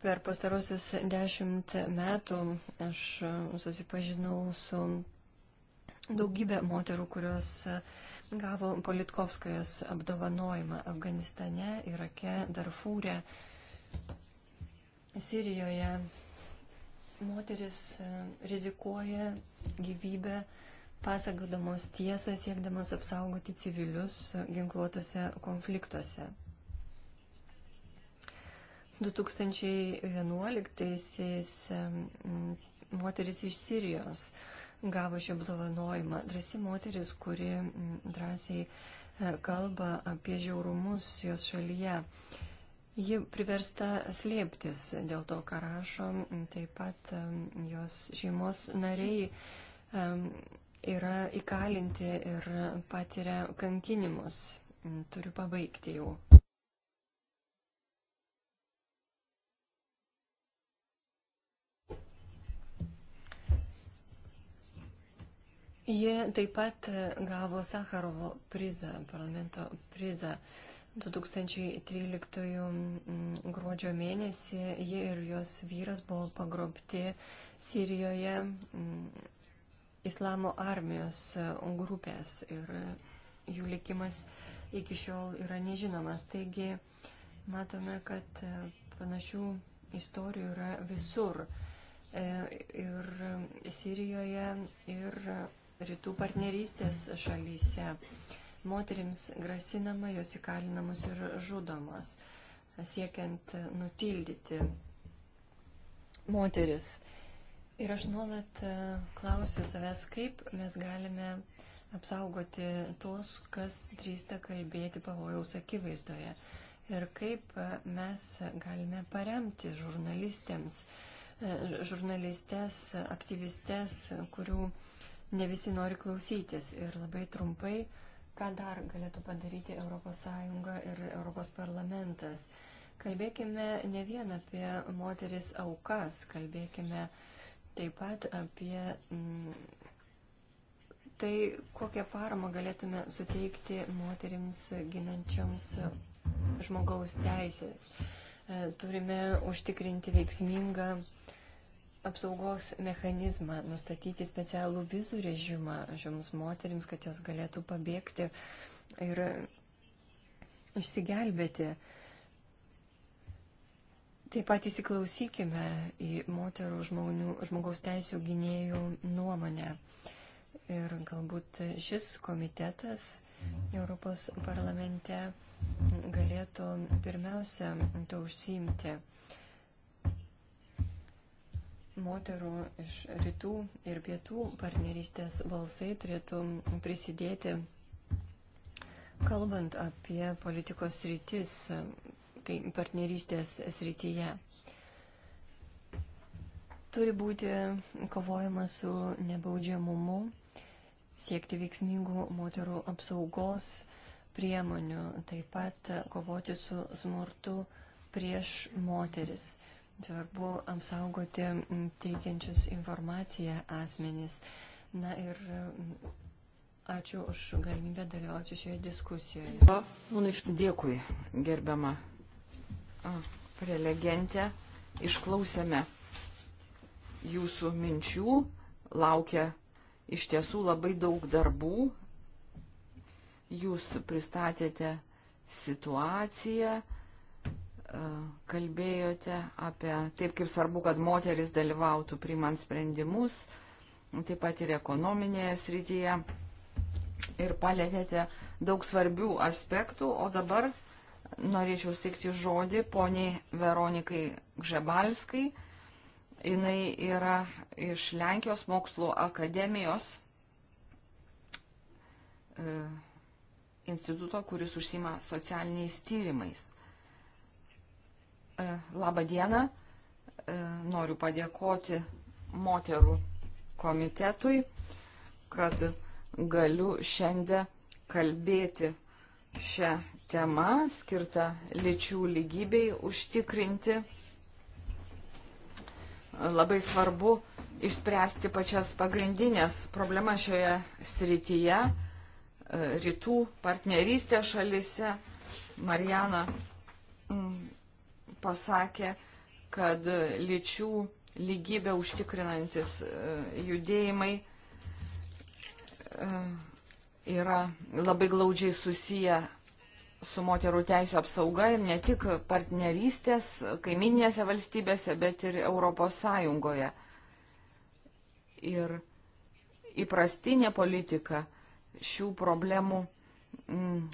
Per pastarosius dešimt metų aš susipažinau su daugybė moterų, kurios gavo Politkovskajos apdovanojimą Afganistane, Irake, Darfūre, Sirijoje, moteris e, rizikuoja gyvybę, pasakodamos tiesą, siekdamos apsaugoti civilius e, ginkluotose konfliktuose. 2011-aisiais e, moteris iš Sirijos gavo šį apdovanojimą. Drasi moteris, kuri drąsiai kalba apie žiaurumus jos šalyje. Ji priversta slėptis dėl to, ką rašo. Taip pat jos šeimos nariai yra įkalinti ir patiria kankinimus. Turiu pabaigti jau. Ji taip pat e, gavo Sakarovo prizą, parlamento prizą. 2013 gruodžio mėnesį ji ir jos vyras buvo pagrobti Sirijoje mm, islamo armijos uh, grupės ir jų likimas iki šiol yra nežinomas. Taigi matome, kad uh, panašių istorijų yra visur. Uh, ir um, Sirijoje, ir rytų partnerystės šalyse. Moterims grasinama, jos įkalinamos ir žudomos, siekiant nutildyti moteris. Ir aš nuolat e, klausiu savęs, kaip mes galime apsaugoti tuos, kas drįsta kalbėti pavojaus akivaizdoje. Ir kaip e, mes galime paremti žurnalistėms, e, žurnalistės, aktyvistės, kurių ne visi nori klausytis. Ir labai trumpai ką dar galėtų padaryti ES ir ES parlamentas. Kalbėkime ne vien apie moteris aukas, kalbėkime taip pat apie mm, tai, kokią paramą galėtume suteikti moterims ginančioms žmogaus teisės. E, turime užtikrinti veiksmingą apsaugos mechanizmą, nustatyti specialų vizų režimą šioms moteriams, kad jos galėtų pabėgti ir išsigelbėti. Taip pat įsiklausykime į moterų žmonių, žmogaus teisų gynėjų nuomonę. Ir galbūt šis komitetas Europos parlamente galėtų pirmiausia to užsiimti moterų iš rytų ir pietų partnerystės balsai turėtų prisidėti, kalbant apie politikos rytis, partnerystės srityje. Turi būti kovojama su nebaudžiamumu, siekti veiksmingų moterų apsaugos priemonių, taip pat kovoti su smurtu prieš moteris. Svarbu apsaugoti teikiančius informaciją asmenys. Na ir ačiū už galimybę dalyvauti šioje diskusijoje. Dėkui, gerbiama prelegentė. Išklausėme jūsų minčių, laukia iš tiesų labai daug darbų. Jūs pristatėte situaciją E, kalbėjote apie taip, kaip svarbu, kad moteris dalyvautų priimant sprendimus, taip pat ir ekonominėje srityje. Ir palėtėte daug svarbių aspektų, o dabar norėčiau sėkti žodį poniai Veronikai Gžebalskai. Jis yra iš Lenkijos mokslo akademijos e, instituto, kuris užsima socialiniais tyrimais. E, labą dieną. E, noriu padėkoti moterų komitetui, kad galiu šiandien kalbėti šią temą skirtą lyčių lygybei užtikrinti. Labai svarbu išspręsti pačias pagrindinės problemas šioje srityje e, rytų partnerystės šalise. Marijana mm, pasakė, kad lyčių lygybę užtikrinantis e, judėjimai e, yra labai glaudžiai susiję su moterų teisų apsauga ir ne tik partnerystės kaiminėse valstybėse, bet ir Europos Sąjungoje. Ir įprastinė politika šių problemų m, mm,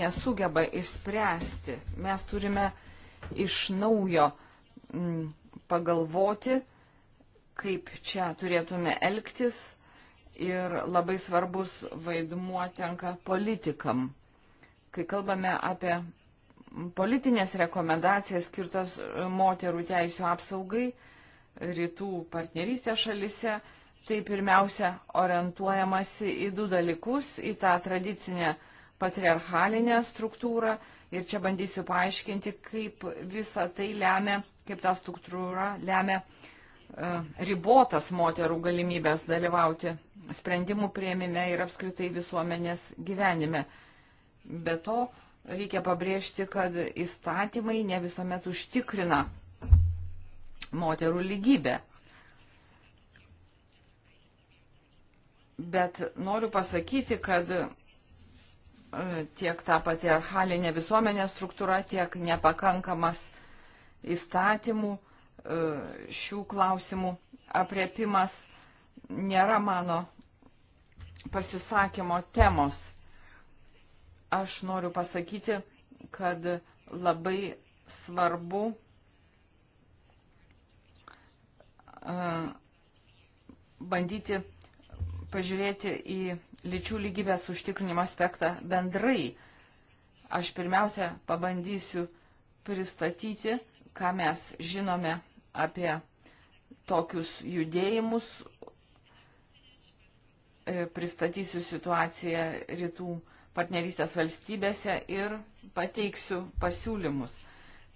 nesugeba išspręsti. Mes turime uh, iš naujo m, mm, pagalvoti, kaip čia turėtume elgtis ir labai svarbus vaidmuo tenka politikam. Kai kalbame apie politinės rekomendacijas skirtas e, moterų teisų apsaugai rytų partnerystės šalise, tai pirmiausia orientuojamasi į du dalykus - į tą tradicinę patriarchalinę struktūrą Ir čia bandysiu paaiškinti, kaip visa tai lemia, kaip ta struktūra lemia e, ribotas moterų galimybės dalyvauti sprendimų prieimime ir apskritai visuomenės gyvenime. Be to, reikia pabrėžti, kad įstatymai ne visuomet užtikrina moterų lygybę. Bet noriu pasakyti, kad tiek ta patriarchalinė visuomenė struktūra, tiek nepakankamas įstatymų e, šių klausimų apriepimas nėra mano pasisakymo temos. Aš noriu pasakyti, kad labai svarbu e, bandyti pažiūrėti į lyčių lygybės užtikrinimo aspektą bendrai. Aš pirmiausia pabandysiu pristatyti, ką mes žinome apie tokius judėjimus, e, pristatysiu situaciją rytų partnerystės valstybėse ir pateiksiu pasiūlymus,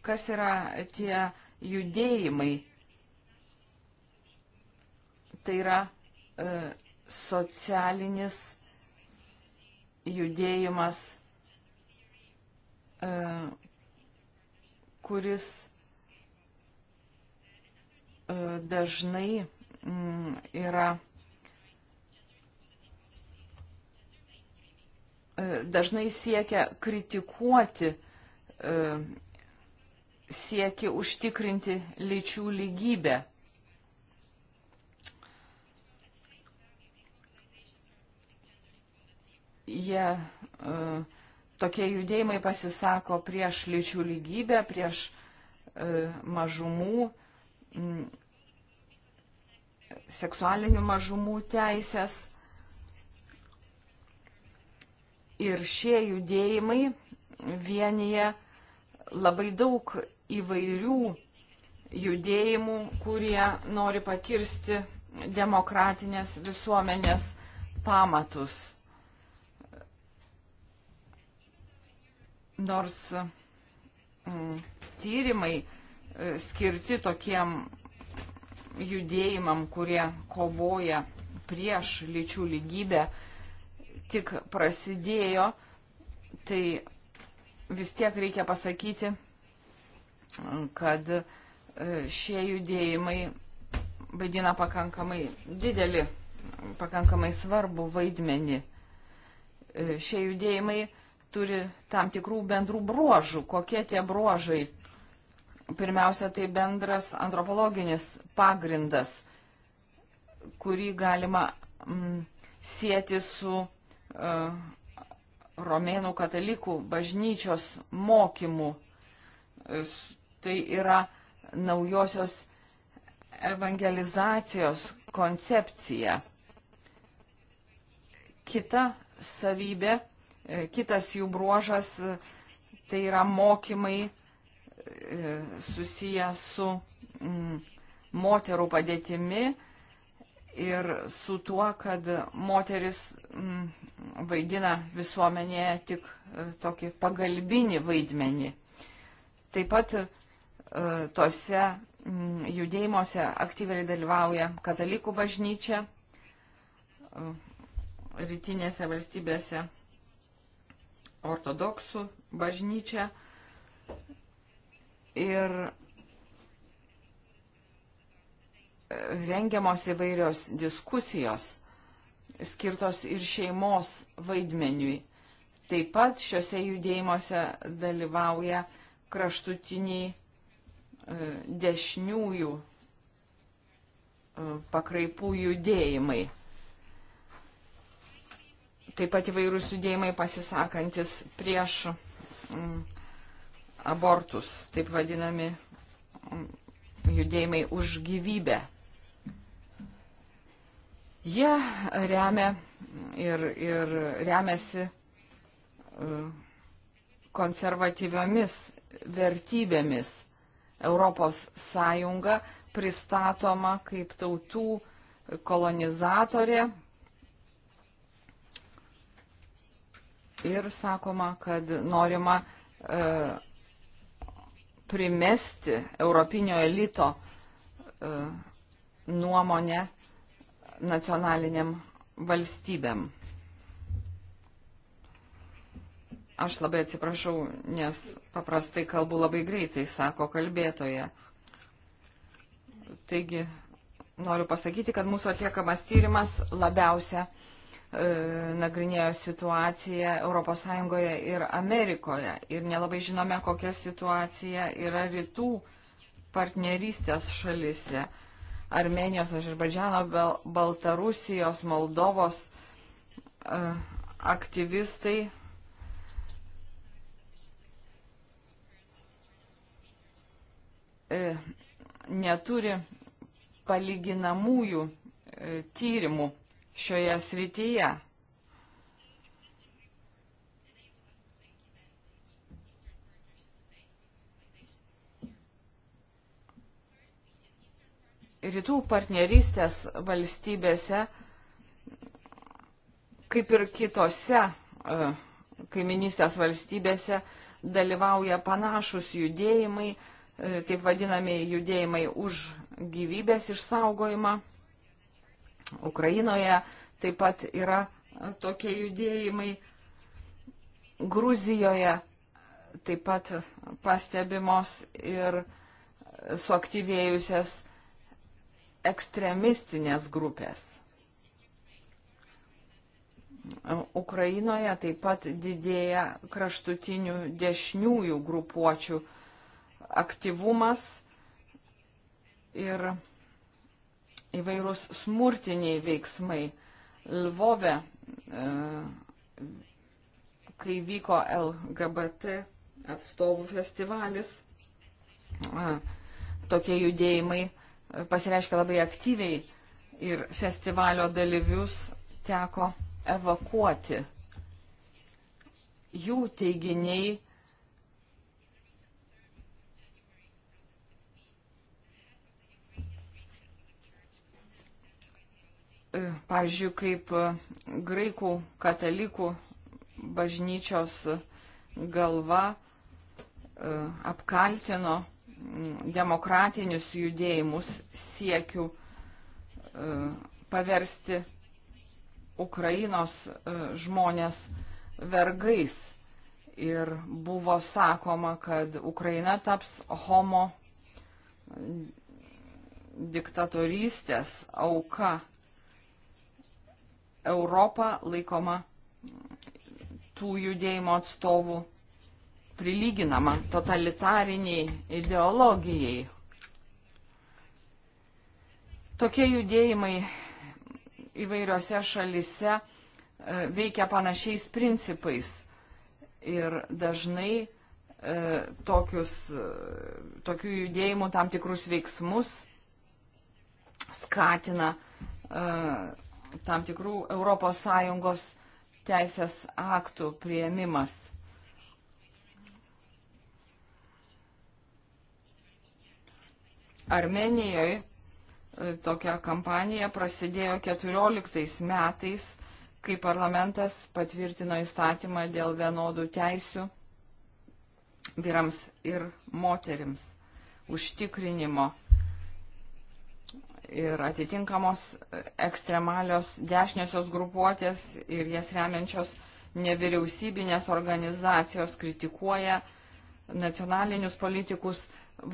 kas yra tie judėjimai. Tai yra e, socialinis judėjimas, e, kuris e, dažnai mm, yra e, dažnai siekia kritikuoti sieki užtikrinti lyčių lygybę. jie, e, tokie judėjimai pasisako prieš lyčių lygybę, prieš e, mažumų, seksualinių mažumų teisės. Ir šie judėjimai vienyje labai daug įvairių judėjimų, kurie nori pakirsti demokratinės visuomenės pamatus. Nors mm, tyrimai e, skirti tokiem judėjimam, kurie kovoja prieš lyčių lygybę, tik prasidėjo, tai vis tiek reikia pasakyti, kad e, šie judėjimai vaidina pakankamai didelį, pakankamai svarbų vaidmenį. E, šie judėjimai turi tam tikrų bendrų bruožų. Kokie tie bruožai? Pirmiausia, tai bendras antropologinis pagrindas, kurį galima mm, sieti su uh, romėnų katalikų bažnyčios mokymu. E, tai yra naujosios evangelizacijos koncepcija. Kita savybė E, kitas jų bruožas e, tai yra mokymai e, susiję su mm, moterų padėtimi ir su tuo, kad moteris mm, vaidina visuomenėje tik tokį pagalbinį vaidmenį. Taip pat tose mm, judėjimuose aktyviai dalyvauja katalikų bažnyčia rytinėse valstybėse ortodoksų bažnyčia. Ir rengiamos įvairios diskusijos skirtos ir šeimos vaidmeniui. Taip pat šiuose judėjimuose dalyvauja kraštutiniai e, dešiniųjų e, pakraipų judėjimai taip pat įvairūs judėjimai pasisakantis prieš mm, abortus, taip vadinami mm, judėjimai už gyvybę. Jie remia ir, ir remiasi e, konservatyviomis vertybėmis. Europos Sąjunga pristatoma kaip tautų kolonizatorė, ir sakoma, kad norima e, primesti europinio elito e, nuomonę nacionaliniam valstybėm. Aš labai atsiprašau, nes paprastai kalbu labai greitai, sako kalbėtoje. Taigi, noriu pasakyti, kad mūsų atliekamas tyrimas labiausia uh, E, nagrinėjo situaciją ES ir Amerikoje. Ir nelabai žinome, kokia situacija yra rytų partnerystės šalise. Armenijos, Azerbaidžiano, Baltarusijos, Moldovos e, aktyvistai e, neturi palyginamųjų tyrimų šioje srityje. Rytų partnerystės valstybėse, kaip ir kitose e, kaiminystės valstybėse, dalyvauja panašus judėjimai, e, taip vadinami judėjimai už gyvybės išsaugojimą. Ukrainoje taip pat yra e, tokie judėjimai. Gruzijoje taip pat pastebimos ir suaktyvėjusias ekstremistinės grupės. Ukrainoje taip pat didėja kraštutinių dešiniųjų grupuočių aktyvumas ir įvairūs smurtiniai veiksmai. Lvove, e, kai vyko LGBT atstovų festivalis, e, tokie judėjimai e, pasireiškia labai aktyviai ir festivalio dalyvius teko evakuoti. Jų teiginiai E, pavyzdžiui, kaip e, graikų katalikų bažnyčios galva e, apkaltino demokratinius judėjimus siekių paversti Ukrainos žmonės vergais. Ir buvo sakoma, kad Ukraina taps homo diktatorystės auka Europa laikoma mm, tų judėjimo atstovų prilyginama totalitariniai ideologijai. Tokie judėjimai įvairiose šalise e, veikia panašiais principais ir dažnai e, tokius, e, tokių judėjimų tam tikrus veiksmus skatina uh, tam tikrų ES teisės aktų prieimimas. Armenijoje e, tokia kampanija prasidėjo 14 metais, kai parlamentas patvirtino įstatymą dėl vienodų teisių vyrams ir moterims užtikrinimo ir atitinkamos ekstremalios dešiniosios grupuotės ir jas remiančios nevyriausybinės organizacijos kritikuoja nacionalinius politikus,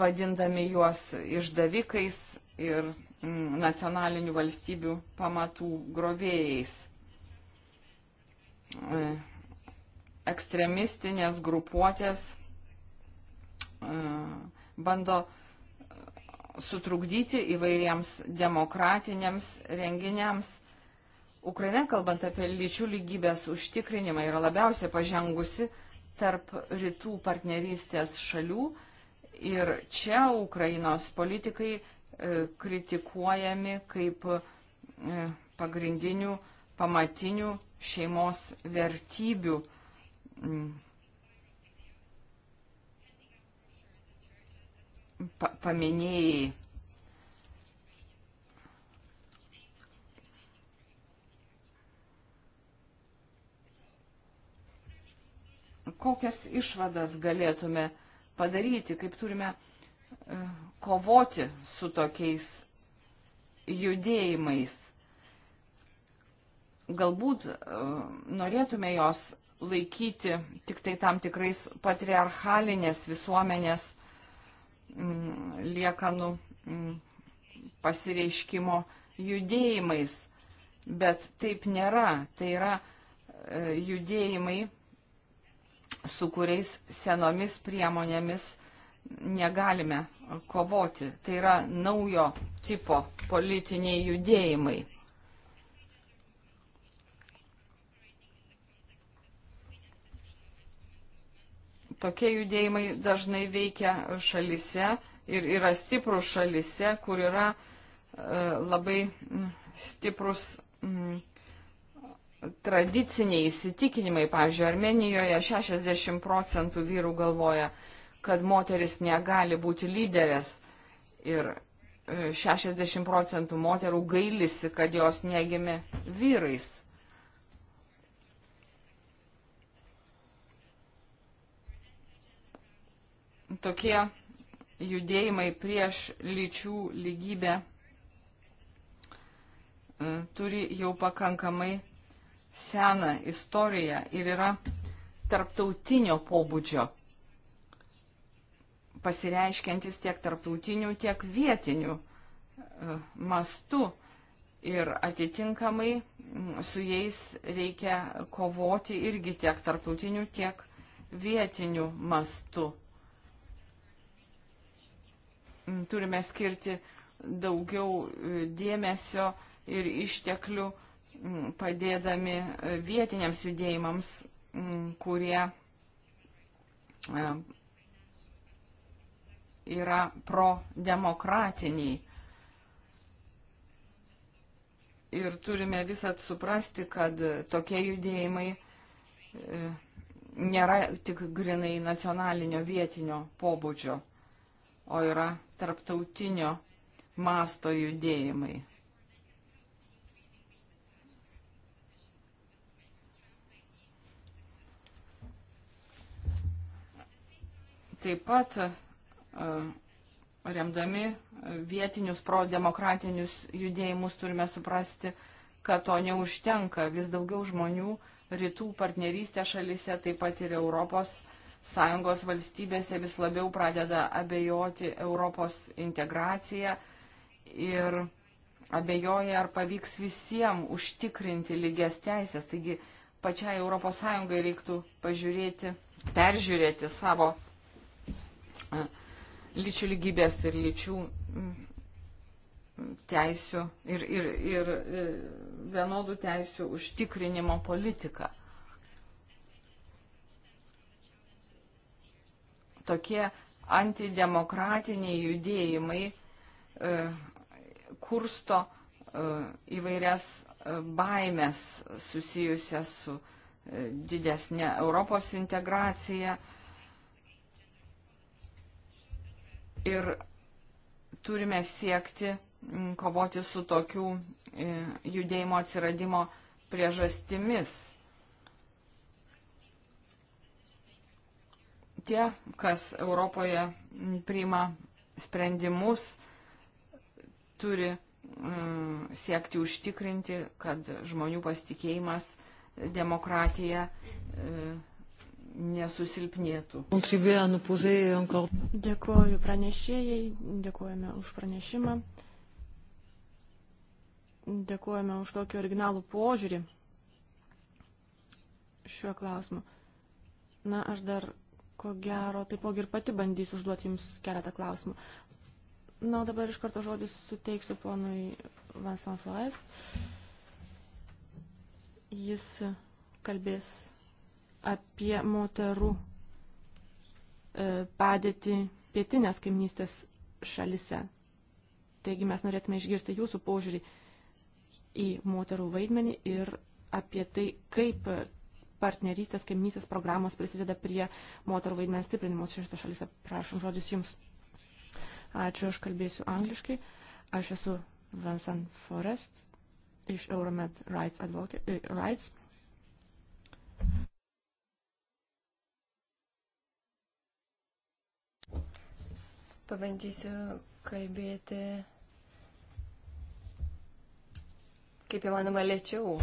vadindami juos išdavikais ir mm, nacionalinių valstybių pamatų grovėjais. E, ekstremistinės grupuotės e, bando sutrukdyti įvairiems demokratiniams renginiams. Ukraina, kalbant apie lyčių lygybės užtikrinimą, yra labiausiai pažengusi tarp rytų partnerystės šalių ir čia Ukrainos politikai e, kritikuojami kaip e, pagrindinių pamatinių šeimos vertybių m, pa paminėjai kokias išvadas galėtume padaryti, kaip turime e, kovoti su tokiais judėjimais. Galbūt e, norėtume jos laikyti tik tai tam tikrais patriarchalinės visuomenės Mm, liekanų mm, pasireiškimo judėjimais. Bet taip nėra. Tai yra e, judėjimai, su kuriais senomis priemonėmis negalime kovoti. Tai yra naujo tipo politiniai judėjimai. tokie judėjimai dažnai veikia šalise ir yra stiprus šalise, kur yra e, labai stiprus tradiciniai įsitikinimai. Pavyzdžiui, Armenijoje 60 procentų vyrų galvoja, kad moteris negali būti lyderės ir 60 e, procentų moterų gailisi, kad jos negimė vyrais. tokie judėjimai prieš lyčių lygybę e, turi jau pakankamai seną istoriją ir yra tarptautinio pobūdžio, pasireiškiantis tiek tarptautinių, tiek vietinių e, mastų. Ir atitinkamai su jais reikia kovoti irgi tiek tarptautinių, tiek vietinių mastų turime skirti daugiau e, dėmesio ir išteklių padėdami e, vietiniams judėjimams, kurie e, yra prodemokratiniai. Ir turime visat suprasti, kad tokie judėjimai nėra tik grinai nacionalinio vietinio pobūdžio, o yra tarptautinio masto judėjimai. Taip pat e, remdami vietinius prodemokratinius judėjimus turime suprasti, kad to neužtenka. Vis daugiau žmonių rytų partnerystė šalyse, taip pat ir Europos sąjungos valstybėse vis labiau pradeda abejoti Europos integraciją ir abejoja, ar pavyks visiems užtikrinti lygias teisės. Taigi pačiai Europos Sąjungai reiktų pažiūrėti, peržiūrėti savo e, lyčių lygybės ir lyčių teisių ir, ir, ir e, vienodų teisių užtikrinimo politiką. tokie antidemokratiniai judėjimai e, kursto e, įvairias e, baimės susijusias su didesnė Europos integracija. Ir turime siekti kovoti su tokių judėjimo atsiradimo priežastimis. tie, kas Europoje priima sprendimus, turi mm, siekti užtikrinti, kad žmonių pasitikėjimas demokratija e, nesusilpnėtų. Dėkuoju pranešėjai, dėkuojame už pranešimą, dėkuojame už tokį originalų požiūrį šiuo klausimu. Na, aš dar ko gero, taipogi ir pati bandysiu užduoti Jums keletą klausimų. Na, dabar iš karto žodį suteiksiu ponui Vincent Flores. Jis kalbės apie moterų e, padėtį pietinės kaimynystės šalise. Taigi mes norėtume išgirsti jūsų požiūrį į moterų vaidmenį ir apie tai, kaip partnerystės kaimynystės programos prisideda prie moterų vaidmens stiprinimo šiose šalyse. Prašom žodis jums. Ačiū, aš kalbėsiu angliškai. Aš esu Vincent Forest iš Euromed Rights. Advocate, uh, Rights. Pabandysiu kalbėti kaip įmanoma lėčiau.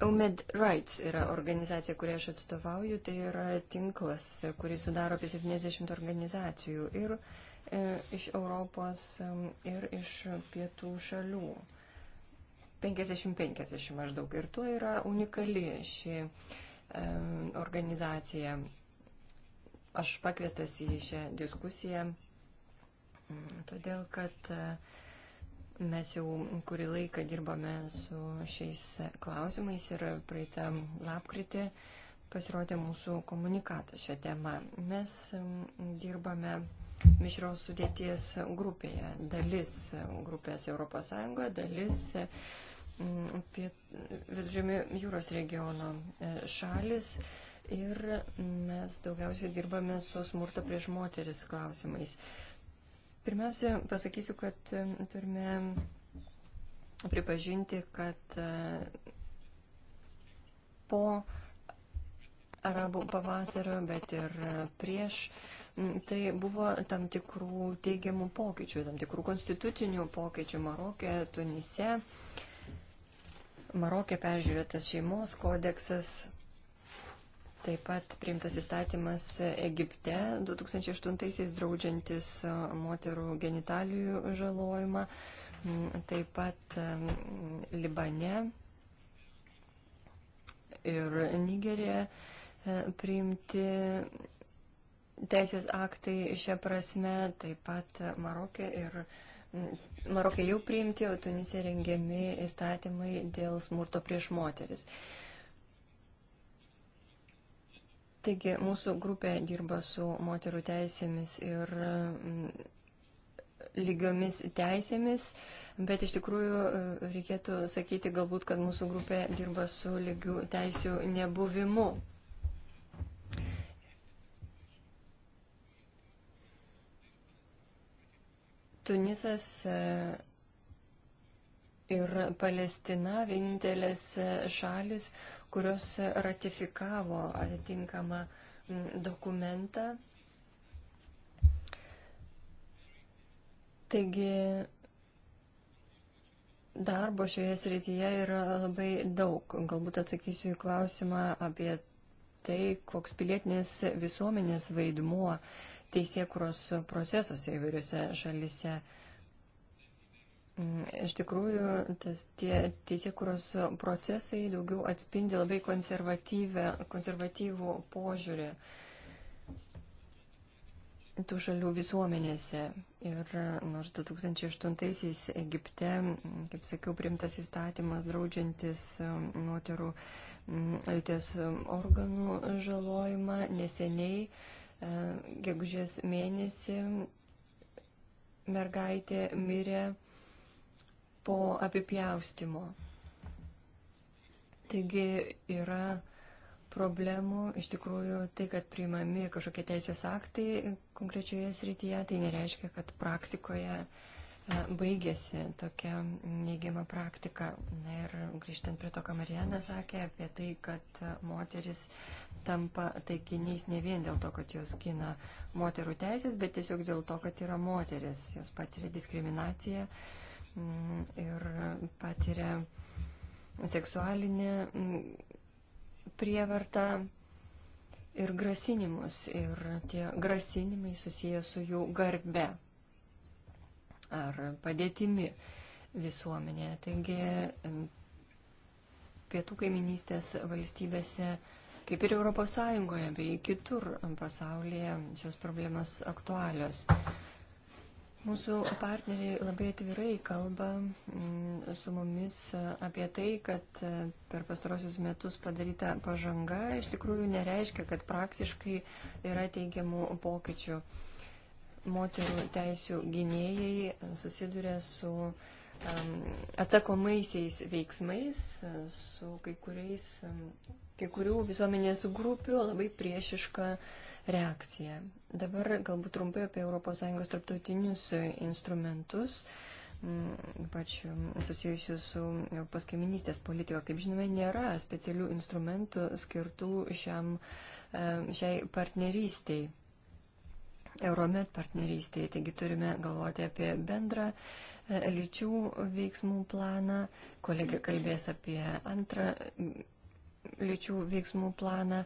Omed Rights yra organizacija, kurią aš atstovauju, tai yra tinklas, kurį sudaro apie 70 organizacijų ir e, iš Europos ir iš pietų šalių. 50-50 maždaug. Ir tuo yra unikali ši e, organizacija. Aš pakviestas į šią diskusiją, todėl kad e, Mes jau kurį laiką dirbame su šiais klausimais ir praeitą lapkritį pasirodė mūsų komunikatas šią temą. Mes dirbame mišrios sudėties grupėje. Dalis grupės ES, dalis Viduržėmio jūros regiono e, šalis. Ir mes daugiausiai dirbame su smurto prieš moteris klausimais. Pirmiausia, pasakysiu, kad turime pripažinti, kad e, po arabų pavasario, bet ir prieš, tai buvo tam tikrų teigiamų pokyčių, tam tikrų konstitucinių pokyčių Marokė, Tunise. Marokė peržiūrėtas šeimos kodeksas, Taip pat priimtas įstatymas Egipte 2008-aisiais draudžiantis moterų genitalijų žalojimą. Taip pat mm, Libane ir Nigerija e, priimti teisės aktai šią prasme. Taip pat Marokė ir mm, Marokė jau priimti, o Tunisė rengiami įstatymai dėl smurto prieš moteris. Taigi, mūsų grupė dirba su moterų teisėmis ir mm, lygiomis teisėmis, bet iš tikrųjų e, reikėtų sakyti galbūt, kad mūsų grupė dirba su lygių teisių nebuvimu. Tunisas e, ir Palestina vienintelės e, šalis, kurios ratifikavo atitinkamą dokumentą. Taigi darbo šioje srityje yra labai daug. Galbūt atsakysiu į klausimą apie tai, koks pilietinės visuomenės vaidmuo teisėkuros procesuose įvairiuose šalise. Mm, iš tikrųjų, tas tie teisėkuros procesai daugiau atspindi labai konservatyvų požiūrį tų šalių visuomenėse. Ir e, nors 2008-aisiais Egipte, kaip sakiau, primtas įstatymas draudžiantis e, moterų lyties organų žalojimą, neseniai, e, gegužės mėnesį, mergaitė mirė po apipjaustimo. Taigi yra problemų, iš tikrųjų tai, kad priimami kažkokie teisės aktai konkrečioje srityje, tai nereiškia, kad praktikoje e, baigėsi tokia neigiama praktika. Na ir grįžtant prie to, ką Marijana sakė apie tai, kad e, moteris tampa taikiniais ne vien dėl to, kad jos gina moterų teisės, bet tiesiog dėl to, kad yra moteris, jos patiria diskriminaciją. Uh, Mm, ir patiria seksualinę mm, prievartą ir grasinimus. Ir tie grasinimai susiję su jų garbe ar padėtimi visuomenėje. Taigi mm, pietų kaiminystės valstybėse, kaip ir ES bei kitur pasaulyje, šios problemas aktualios. Mūsų partneriai labai atvirai kalba mm, su mumis apie tai, kad e, per pastarosius metus padaryta pažanga iš tikrųjų nereiškia, kad praktiškai yra teigiamų pokyčių. Moterų teisų gynėjai susiduria su atsakomaisiais veiksmais, su kai kuriais kai kurių visuomenės grupių labai priešišką reakciją. Dabar galbūt trumpai apie ES tarptautinius instrumentus, mm, ypač mm, susijusius su paskaiminystės politika. Kaip žinome, nėra specialių instrumentų skirtų šiam, e, šiai partnerystiai. Euromet partnerystėje, taigi turime galvoti apie bendrą e, lyčių veiksmų planą, kolegė kalbės apie antrą lyčių veiksmų planą.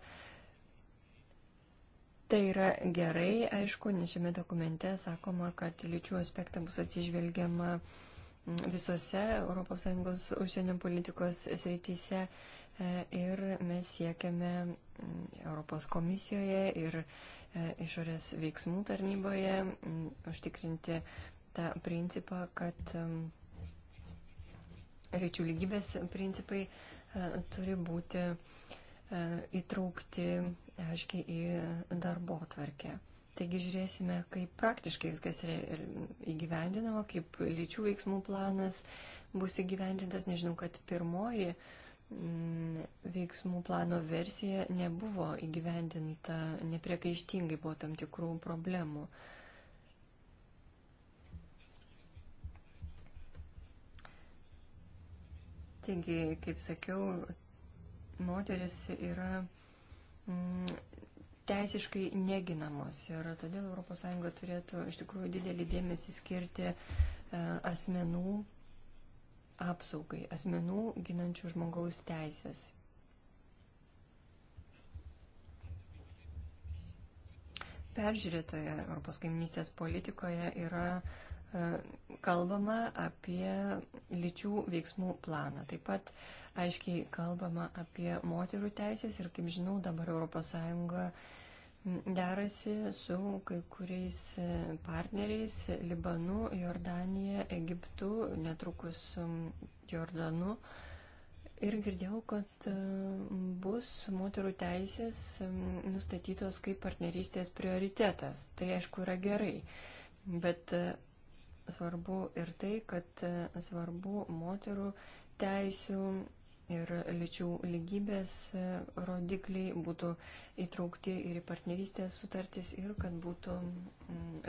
Tai yra gerai, aišku, nes šiame dokumente sakoma, kad lyčių aspektą bus atsižvelgiama mm, visose ES užsienio politikos srityse e, ir mes siekiame mm, Europos komisijoje ir e, išorės veiksmų tarnyboje mm, užtikrinti tą principą, kad lyčių lygybės principai E, turi būti e, įtraukti, e, aiškiai, į darbo tvarkę. Taigi žiūrėsime, kaip praktiškai viskas yra įgyvendinama, kaip lyčių veiksmų planas bus įgyvendintas. Nežinau, kad pirmoji mm, veiksmų plano versija nebuvo įgyvendinta nepriekaištingai, buvo tam tikrų problemų. Uh, Taigi, kaip sakiau, moteris yra mm, teisiškai neginamos ir todėl ES turėtų iš tikrųjų didelį dėmesį skirti e, asmenų apsaugai, asmenų ginančių žmogaus teisės. Peržiūrėtoje Europos kaiminystės politikoje yra e, E, kalbama apie lyčių veiksmų planą. Taip pat aiškiai kalbama apie moterų teisės ir, kaip žinau, dabar ES derasi su kai kuriais e, partneriais - Libanu, Jordanija, Egiptu, netrukus Jordanu. Ir girdėjau, kad e, bus moterų teisės nustatytos kaip partnerystės prioritetas. Tai aišku yra gerai. Bet svarbu ir tai, kad e, svarbu moterų teisių ir lyčių lygybės e, rodikliai būtų įtraukti ir į partnerystės sutartis ir kad būtų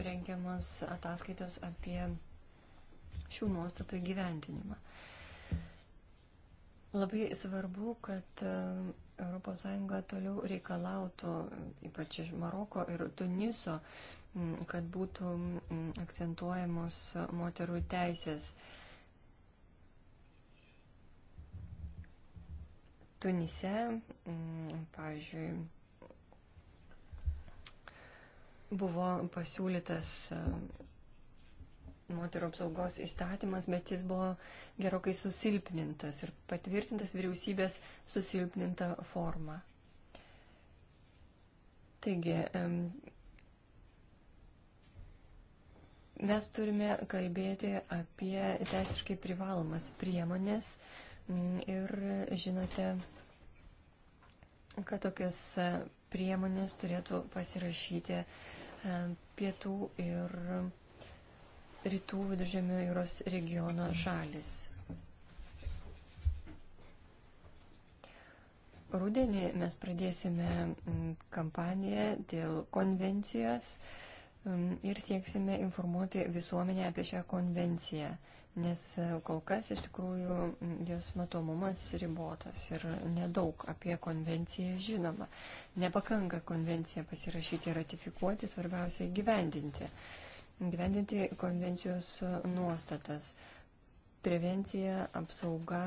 rengiamas ataskaitos apie šių nuostatų įgyventinimą. Labai svarbu, kad ES toliau reikalautų, ypač iš Maroko ir Tuniso, kad būtų akcentuojamos moterų teisės. Tunise, pavyzdžiui, buvo pasiūlytas e, moterų apsaugos įstatymas, bet jis buvo gerokai susilpnintas ir patvirtintas vyriausybės susilpninta forma. Taigi, Mes turime kalbėti apie teisiškai privalomas priemonės mm, ir žinote, kad tokias e, priemonės turėtų pasirašyti e, pietų ir rytų viduržėmio jūros regiono šalis. Rūdienį mes pradėsime mm, kampaniją dėl konvencijos, ir sieksime informuoti visuomenę apie šią konvenciją, nes e, kol kas iš tikrųjų jos matomumas ribotas ir nedaug apie konvenciją žinoma. Nepakanka konvenciją pasirašyti ir ratifikuoti, svarbiausia gyvendinti. Gyvendinti konvencijos nuostatas. Prevencija, apsauga,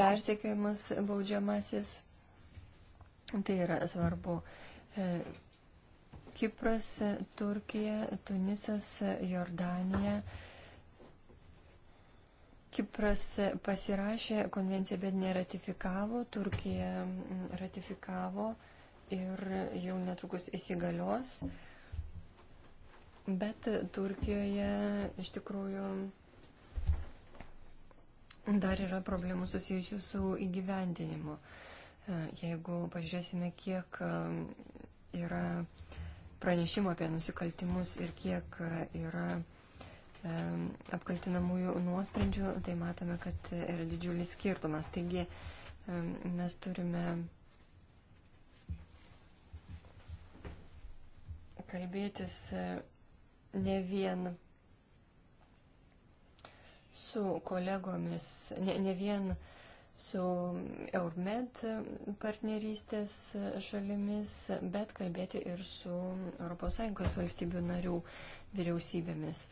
persekiojimas baudžiamasis. Tai yra svarbu. E, Kipras, Turkija, Tunisas, Jordanija. Kipras pasirašė konvenciją, bet neratifikavo, Turkija ratifikavo ir jau netrukus įsigalios. Bet Turkijoje iš tikrųjų Dar yra problemų susijusių su įgyvendinimu. E, jeigu pažiūrėsime, kiek e, yra pranešimų apie nusikaltimus ir kiek e, yra apkaltinamųjų nuosprendžių, tai matome, kad yra didžiulis skirtumas. Taigi mes turime kalbėtis ne vien su kolegomis, ne, ne vien su EURMED partnerystės šalimis, bet kalbėti ir su ES valstybių narių vyriausybėmis.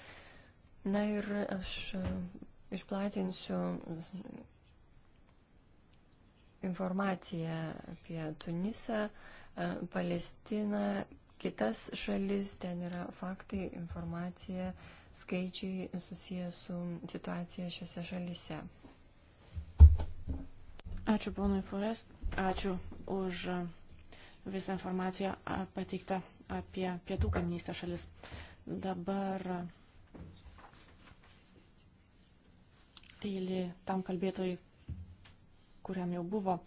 Na ir aš išplatinsiu informaciją apie Tunisą, Palestiną, kitas šalis, ten yra faktai, informacija skaičiai susiję su situacija šiuose šalyse. Ačiū ponui Forest, ačiū už e, visą informaciją pateiktą apie pietų kaimynystės šalis. Dabar e, eilį tam kalbėtojai, kuriam jau buvo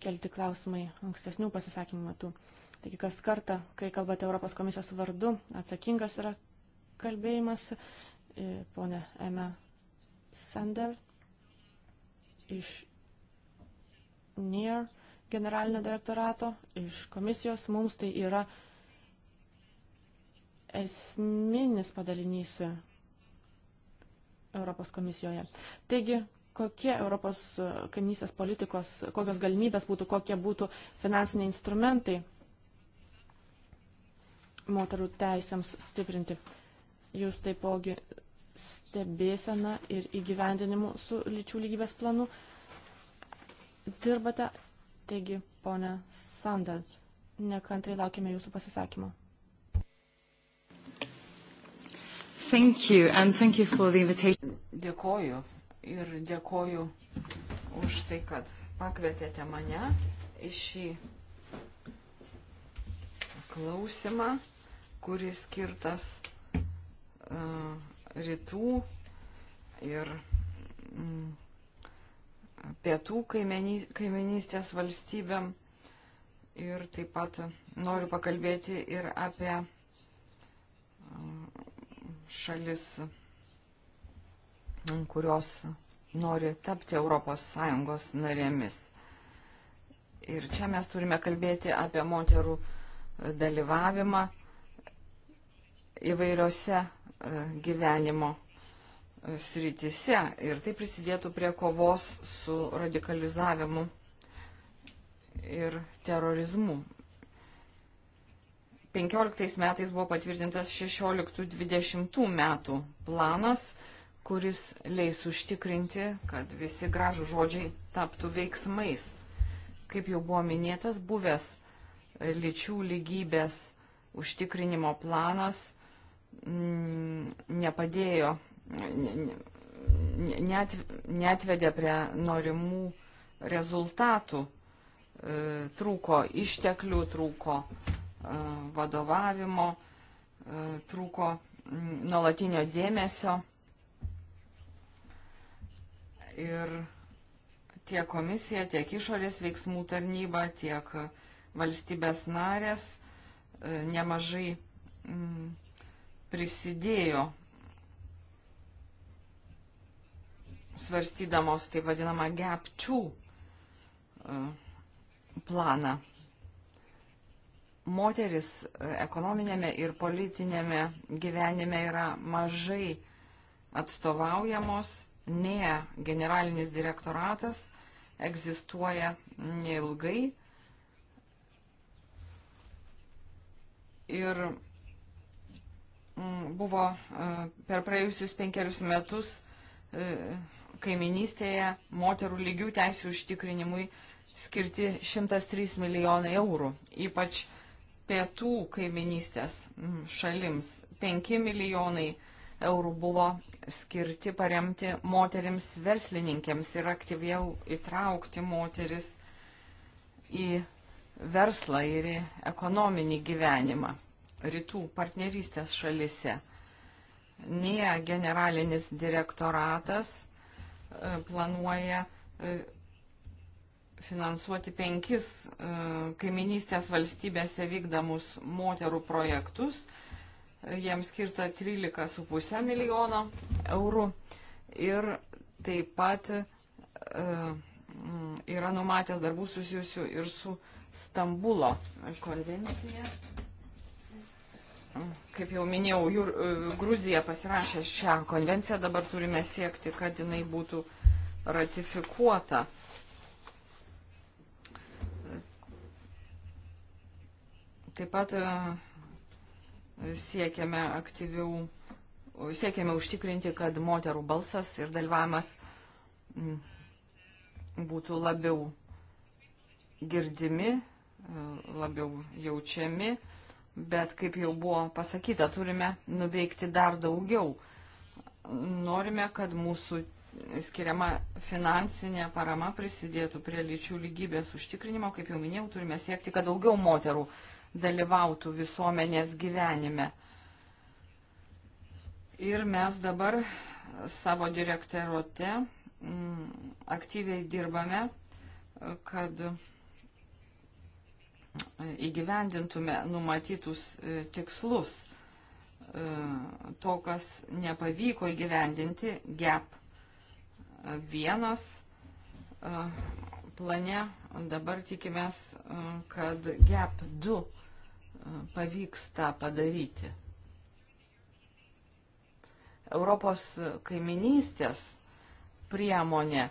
kelti klausimai ankstesnių pasisakymų metu. Taigi kas kartą, kai kalbate Europos komisijos vardu, atsakingas yra kalbėjimas. E, Pone Ema Sander iš NIR generalinio direktorato, iš komisijos. Mums tai yra esminis padalinys Europos komisijoje. Taigi, kokie Europos kaimynysės politikos, kokios galimybės būtų, kokie būtų finansiniai instrumentai moterų teisėms stiprinti jūs taipogi stebėsena ir įgyvendinimu su lyčių lygybės planu dirbate. Taigi, ponė Sandal, nekantrai laukime jūsų pasisakymą. Thank you, and thank you for the invitation. Dėkoju ir dėkoju už tai, kad pakvietėte mane į šį klausimą, kuris skirtas E, rytų ir mm, pietų kaiminystės valstybėm. Ir taip pat noriu pakalbėti ir apie e, šalis, kurios nori tapti ES narėmis. Ir čia mes turime kalbėti apie moterų dalyvavimą įvairiose gyvenimo srityse ir tai prisidėtų prie kovos su radikalizavimu ir terorizmu. 15 metais buvo patvirtintas 16-20 metų planas, kuris leis užtikrinti, kad visi gražų žodžiai taptų veiksmais. Kaip jau buvo minėtas, buvęs lyčių lygybės užtikrinimo planas Mm, nepadėjo, net, netvedė prie norimų rezultatų. E, trūko išteklių, trūko e, vadovavimo, e, trūko mm, nuolatinio dėmesio. Ir tiek komisija, tiek išorės veiksmų tarnyba, tiek valstybės narės nemažai mm, prisidėjo svarstydamos taip vadinamą GAP2 e, planą. Moteris e, ekonominėme ir politinėme gyvenime yra mažai atstovaujamos, ne generalinis direktoratas egzistuoja neilgai. Ir Mm, buvo e, per praėjusius penkerius metus e, kaiminystėje moterų lygių teisų užtikrinimui skirti 103 milijonai eurų, ypač pietų kaiminystės mm, šalims 5 milijonai eurų buvo skirti paremti moteriams verslininkėms ir aktyviau įtraukti moteris į verslą ir į ekonominį gyvenimą rytų partnerystės šalise. NIE generalinis direktoratas e, planuoja e, finansuoti penkis e, kaiminystės valstybėse vykdamus moterų projektus. Jiems skirta 13,5 milijono eurų ir taip pat yra numatęs darbų susijusių ir su Stambulo konvencija kaip jau minėjau, Jūr, e, Gruzija pasirašė šią konvenciją, dabar turime siekti, kad jinai būtų ratifikuota. Taip pat e, siekiame aktyviau, siekiame užtikrinti, kad moterų balsas ir dalyvavimas būtų labiau girdimi, e, labiau jaučiami bet kaip jau buvo pasakyta, turime nuveikti dar daugiau. Norime, kad mūsų skiriama finansinė parama prisidėtų prie lyčių lygybės užtikrinimo. Kaip jau minėjau, turime siekti, kad daugiau moterų dalyvautų visuomenės gyvenime. Ir mes dabar savo direktorate mm, aktyviai dirbame, kad įgyvendintume numatytus e, tikslus. E, to, kas nepavyko įgyvendinti, GEP vienas e, plane, dabar tikimės, kad GEP 2 pavyks tą padaryti. Europos kaiminystės priemonė,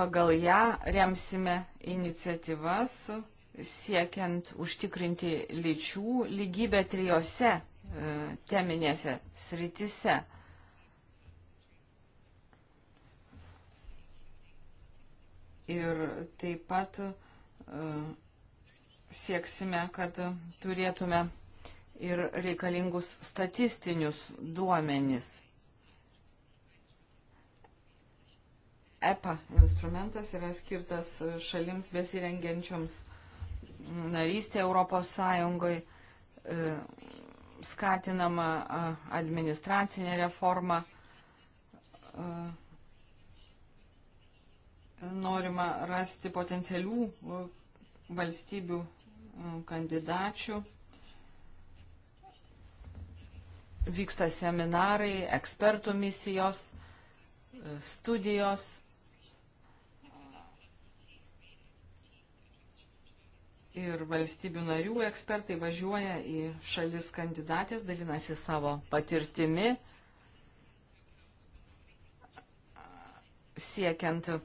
pagal ją remsime iniciatyvas, siekiant užtikrinti lyčių lygybę trijose e, teminėse sritise. Ir taip pat e, sieksime, kad turėtume ir reikalingus statistinius duomenis. EPA instrumentas yra skirtas šalims besirengiančioms narystė Europos Sąjungoje, skatinama administracinė reforma, norima rasti potencialių valstybių kandidačių. Vyksta seminarai, ekspertų misijos, e, studijos ir valstybių narių ekspertai važiuoja į šalis kandidatės, dalinasi savo patirtimi, siekiant e,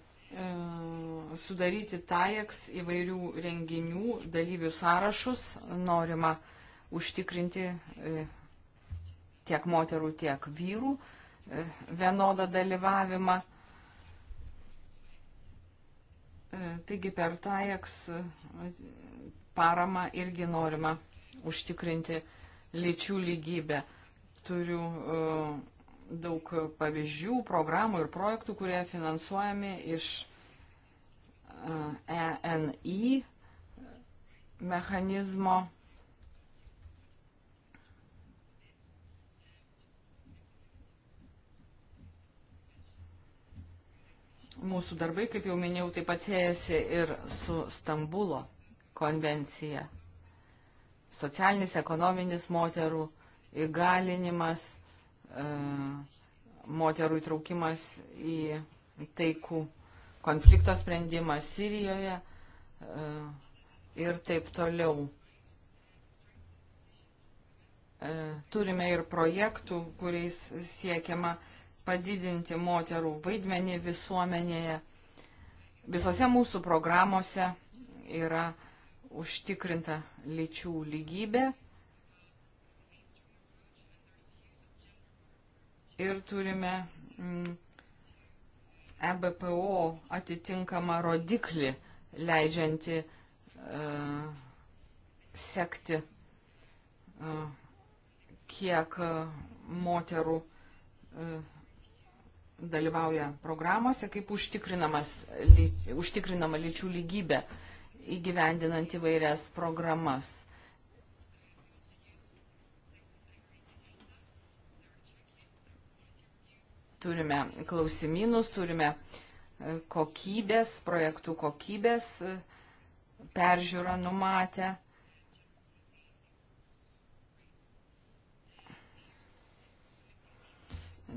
sudaryti TAIEX įvairių renginių dalyvių sąrašus, norima užtikrinti e, tiek moterų, tiek vyrų e, vienodą dalyvavimą. E, taigi per TAEX e, paramą irgi norima užtikrinti lyčių lygybę. Turiu e, daug pavyzdžių, programų ir projektų, kurie finansuojami iš ENI mechanizmo Mūsų darbai, kaip jau minėjau, taip pat siejasi ir su Stambulo konvencija. Socialinis, ekonominis moterų įgalinimas, e, moterų įtraukimas į taikų konflikto sprendimą Sirijoje e, ir taip toliau. E, turime ir projektų, kuriais siekiama padidinti moterų vaidmenį visuomenėje. Visose mūsų programuose yra užtikrinta lyčių lygybė ir turime mm, EBPO atitinkamą rodiklį leidžianti uh, e, sekti, uh, kiek uh, moterų uh, dalyvauja programuose, kaip ly, užtikrinama lyčių lygybė įgyvendinant įvairias programas. Turime klausimynus, turime e, kokybės, projektų kokybės e, peržiūrą numatę.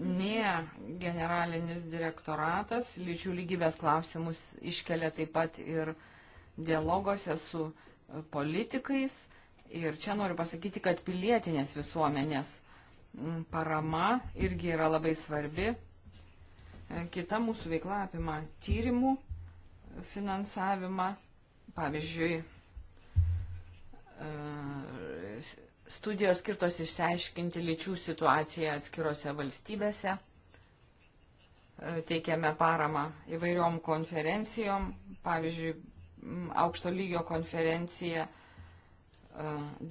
NIE generalinis direktoratas lyčių lygybės klausimus iškelia taip pat ir dialogose su e, politikais. Ir čia noriu pasakyti, kad pilietinės visuomenės parama irgi yra labai svarbi. E, kita mūsų veikla apima tyrimų finansavimą, pavyzdžiui, e, Studijos skirtos išsiaiškinti lyčių situaciją atskirose valstybėse. E, teikiame paramą įvairiom konferencijom, pavyzdžiui, aukšto lygio konferencija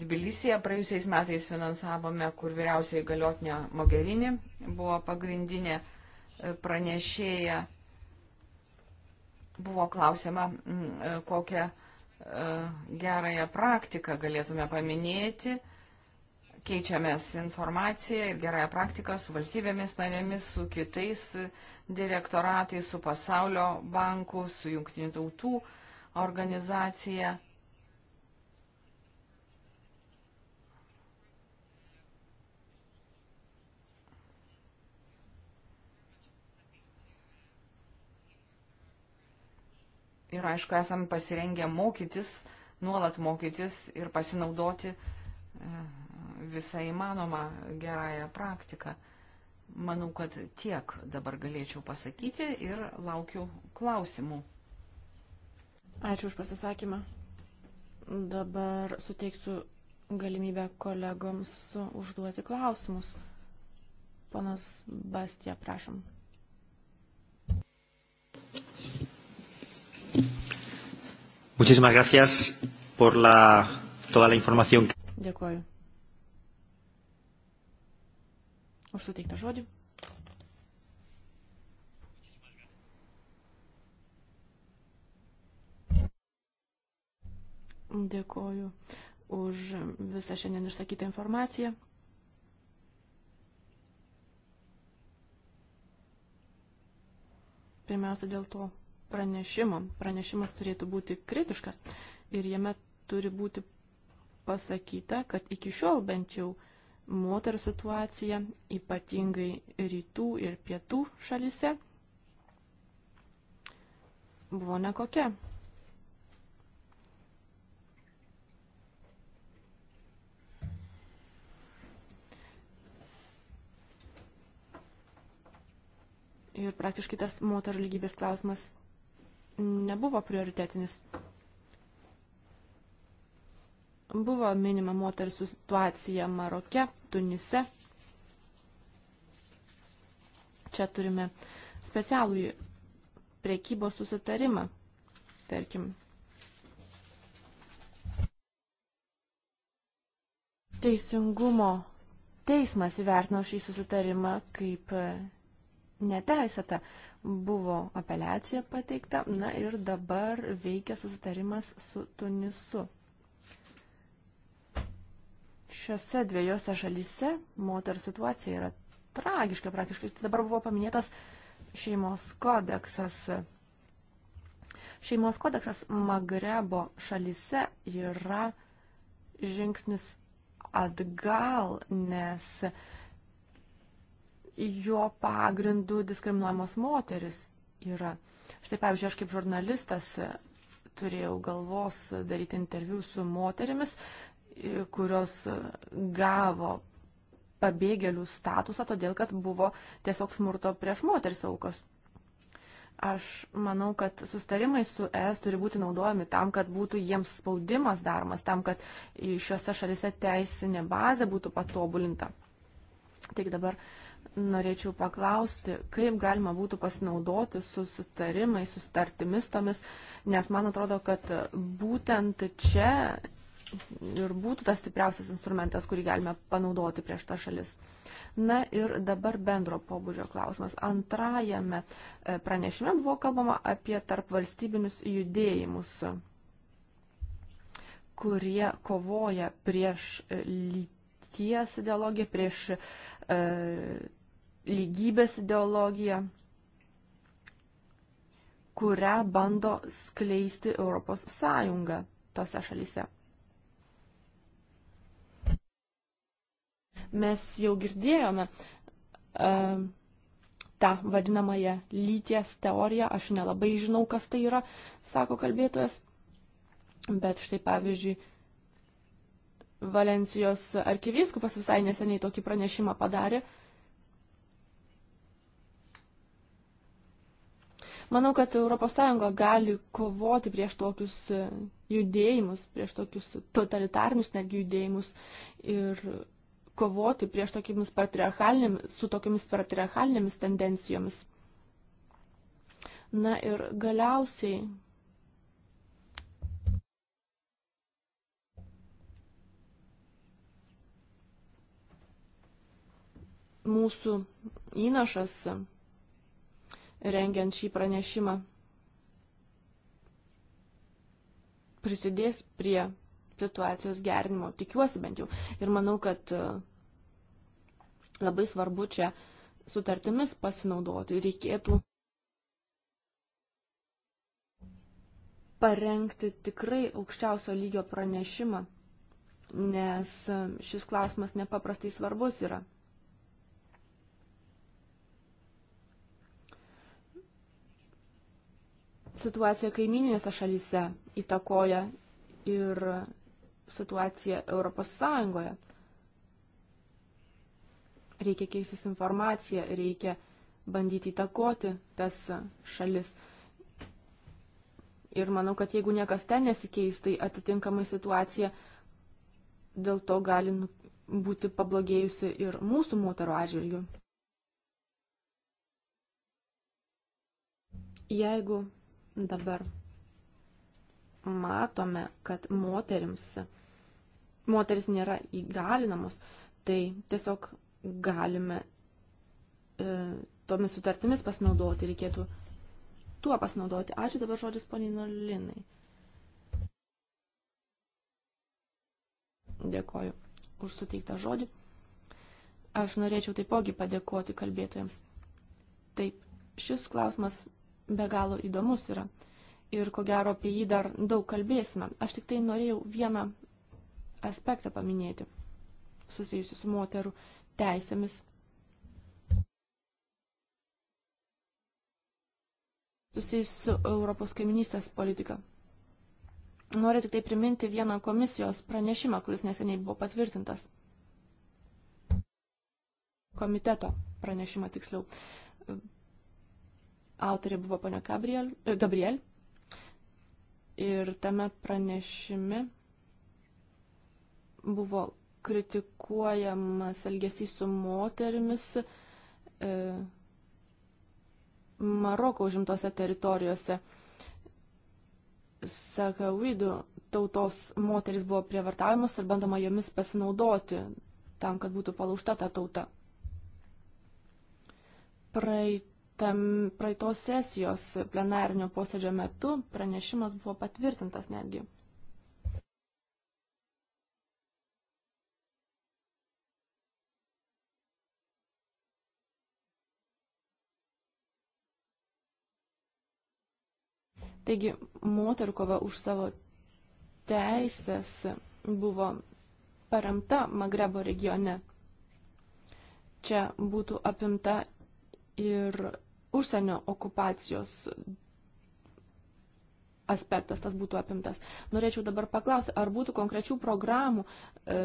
Dbilisija e, praėjusiais metais finansavome, kur vyriausiai galiotinė Mogerini buvo pagrindinė e, pranešėja. Buvo klausima, kokią gerąją praktiką galėtume paminėti keičiamės informaciją ir gerąją praktiką su valstybėmis narėmis, su kitais direktoratais, su pasaulio banku, su jungtinių tautų organizacija. Ir aišku, esam pasirengę mokytis, nuolat mokytis ir pasinaudoti e, visą įmanomą gerąją praktiką. Manau, kad tiek dabar galėčiau pasakyti ir laukiu klausimų. Ačiū už pasisakymą. Dabar suteiksiu galimybę kolegoms užduoti klausimus. Ponas Bastija, prašom. Muchísimas gracias por la, toda la información. Dėkuoju. už suteiktą žodį. Dėkoju už visą šiandien išsakytą informaciją. Pirmiausia, dėl to pranešimo. Pranešimas turėtų būti kritiškas ir jame turi būti pasakyta, kad iki šiol bent jau uh, moterų situaciją, ypatingai rytų ir pietų šalise, buvo nekokia. Ir praktiškai tas moterų lygybės klausimas nebuvo prioritetinis. Buvo minima moterų situacija Maroke, Tunise. Čia turime specialų prekybos susitarimą, tarkim. Teisingumo teismas įvertino šį susitarimą kaip e, neteisėta. Buvo apeliacija pateikta, na ir dabar veikia susitarimas su Tunisu šiuose dviejose šalyse moterų situacija yra tragiška praktiškai. Tai dabar buvo paminėtas šeimos kodeksas. Šeimos kodeksas Magrebo šalyse yra žingsnis atgal, nes jo pagrindu diskriminuojamos moteris yra. Štai pavyzdžiui, aš kaip žurnalistas turėjau galvos daryti interviu su moterimis, kurios gavo pabėgėlių statusą, todėl kad buvo tiesiog smurto prieš moteris aukos. Aš manau, kad sustarimai su ES turi būti naudojami tam, kad būtų jiems spaudimas daromas, tam, kad šiuose šalise teisinė bazė būtų patobulinta. Tik dabar norėčiau paklausti, kaip galima būtų pasinaudoti susitarimai, sustartimis tomis, nes man atrodo, kad būtent čia ir būtų tas stipriausias instrumentas, kurį galime panaudoti prieš tą šalis. Na ir dabar bendro pobūdžio klausimas. Antrajame e, pranešime buvo kalbama apie tarp valstybinius judėjimus, kurie kovoja prieš e, lyties ideologiją, prieš e, lygybės ideologiją kurią bando skleisti Europos Sąjunga tose šalyse. Mes jau girdėjome uh, tą vadinamąją lyties teoriją, aš nelabai žinau, kas tai yra, sako kalbėtojas, bet štai pavyzdžiui, Valencijos arkivyskupas visai neseniai tokį pranešimą padarė, Manau, kad ES gali kovoti prieš tokius judėjimus, prieš tokius totalitarnius netgi judėjimus ir kovoti prieš tokiamis patriarchalinėmis, su tokiamis patriarchalinėmis tendencijomis. Na ir galiausiai. Mūsų įnašas rengiant šį pranešimą prisidės prie situacijos gerinimo. Tikiuosi bent jau. Ir manau, kad e, labai svarbu čia sutartimis pasinaudoti. Reikėtų parengti tikrai aukščiausio lygio pranešimą, nes e, šis klausimas nepaprastai svarbus yra. Situacija kaimininėse šalyse įtakoja ir situacija Europos Sąjungoje. Reikia keistis informaciją, reikia bandyti įtakoti tas šalis. Ir manau, kad jeigu niekas ten nesikeis, tai atitinkamai situacija dėl to gali nu, būti pablogėjusi ir mūsų moterų atžvilgių. Jeigu dabar matome, kad moterims moteris nėra įgalinamos, tai tiesiog galime e, tomis sutartimis pasinaudoti, reikėtų tuo pasinaudoti. Ačiū dabar žodis poniai Nolinai. Dėkoju už suteiktą žodį. Aš norėčiau taipogi padėkoti kalbėtojams. Taip, šis klausimas be galo įdomus yra ir ko gero apie jį dar daug kalbėsime. Aš tik tai norėjau vieną aspektą paminėti susijusiu su moterų teisėmis. susijusiu su Europos kaiminystės politika. Noriu tik tai priminti vieną komisijos pranešimą, kuris neseniai buvo patvirtintas. Komiteto pranešimą tiksliau. Autorė buvo ponia Gabriel, Gabriel. Ir tame pranešime buvo kritikuojamas elgesys su moterimis e, Maroko užimtose teritorijose. Sakavidų tautos moteris buvo prievartavimus ir bandoma jomis pasinaudoti tam, kad būtų palaužta ta tauta. Praeitam, praeitos sesijos plenarinio posėdžio metu pranešimas buvo patvirtintas netgi. Taigi moterų kova už savo teisės buvo paremta Magrebo regione. Čia būtų apimta ir užsienio okupacijos aspektas, tas būtų apimtas. Norėčiau dabar paklausti, ar būtų konkrečių programų, e,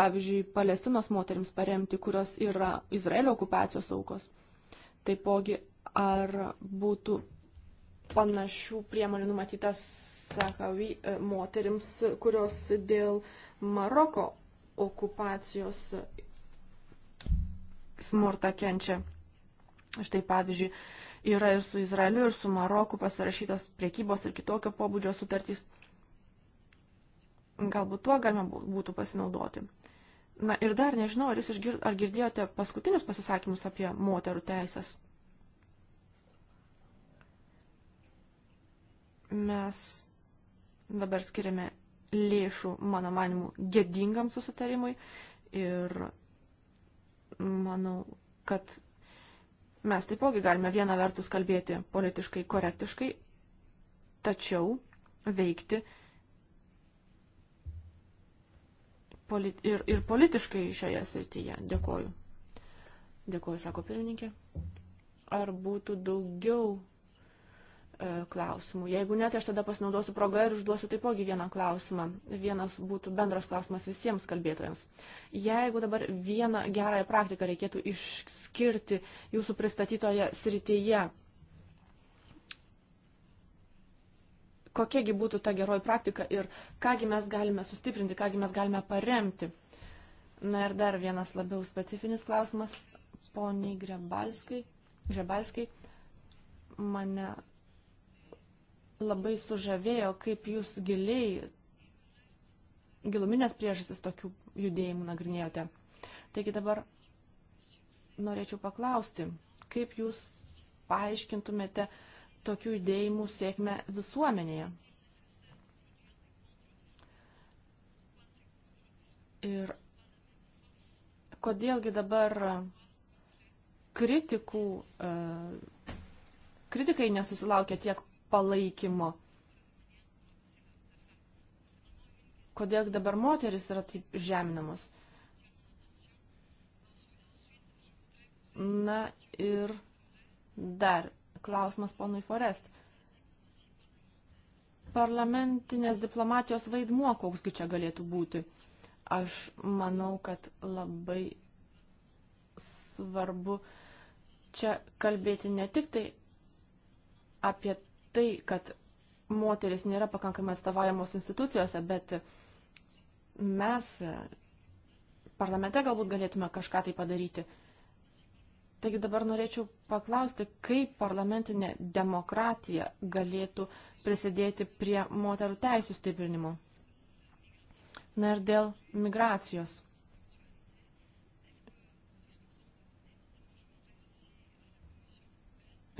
pavyzdžiui, Palestinos moterims paremti, kurios yra Izraelio okupacijos aukos. Taipogi, ar būtų panašių priemonių numatytas Sahavi e, moterims, kurios dėl Maroko okupacijos smurtą kenčia. Štai pavyzdžiui, yra ir su Izraeliu, ir su Maroku pasirašytos priekybos ir kitokio pobūdžio sutartys. Galbūt tuo galima būtų pasinaudoti. Na ir dar nežinau, ar jūs išgir, ar girdėjote paskutinius pasisakymus apie moterų teisės. mes dabar skiriame lėšų, mano manimu, gėdingam susitarimui ir manau, kad mes taipogi galime vieną vertus kalbėti politiškai korektiškai, tačiau veikti polit ir, ir politiškai šioje srityje. Dėkoju. Dėkoju, sako pirmininkė. Ar būtų daugiau E, klausimų. Jeigu ne, tai aš tada pasinaudosiu progą ir užduosiu taipogi vieną klausimą. Vienas būtų bendras klausimas visiems kalbėtojams. Jeigu dabar vieną gerąją praktiką reikėtų išskirti jūsų pristatytoje srityje, kokiegi būtų ta geroji praktika ir kągi mes galime sustiprinti, kągi mes galime paremti. Na ir dar vienas labiau specifinis klausimas, poniai Grebalskai. Žebalskai mane labai sužavėjo, kaip jūs giliai, giluminės priežastis tokių judėjimų nagrinėjote. Taigi dabar norėčiau paklausti, kaip jūs paaiškintumėte tokių judėjimų sėkmę visuomenėje? Ir kodėlgi dabar kritikų, e, kritikai nesusilaukia tiek palaikymo. Kodėl dabar moteris yra taip žeminamas? Na ir dar klausimas ponui Forest. Parlamentinės diplomatijos vaidmuo, koksgi čia galėtų būti? Aš manau, kad labai svarbu čia kalbėti ne tik tai apie tai, kad moteris nėra pakankamai atstovaujamos institucijose, bet mes parlamente galbūt galėtume kažką tai padaryti. Taigi dabar norėčiau paklausti, kaip parlamentinė demokratija galėtų prisidėti prie moterų teisų stiprinimo. Na ir dėl migracijos.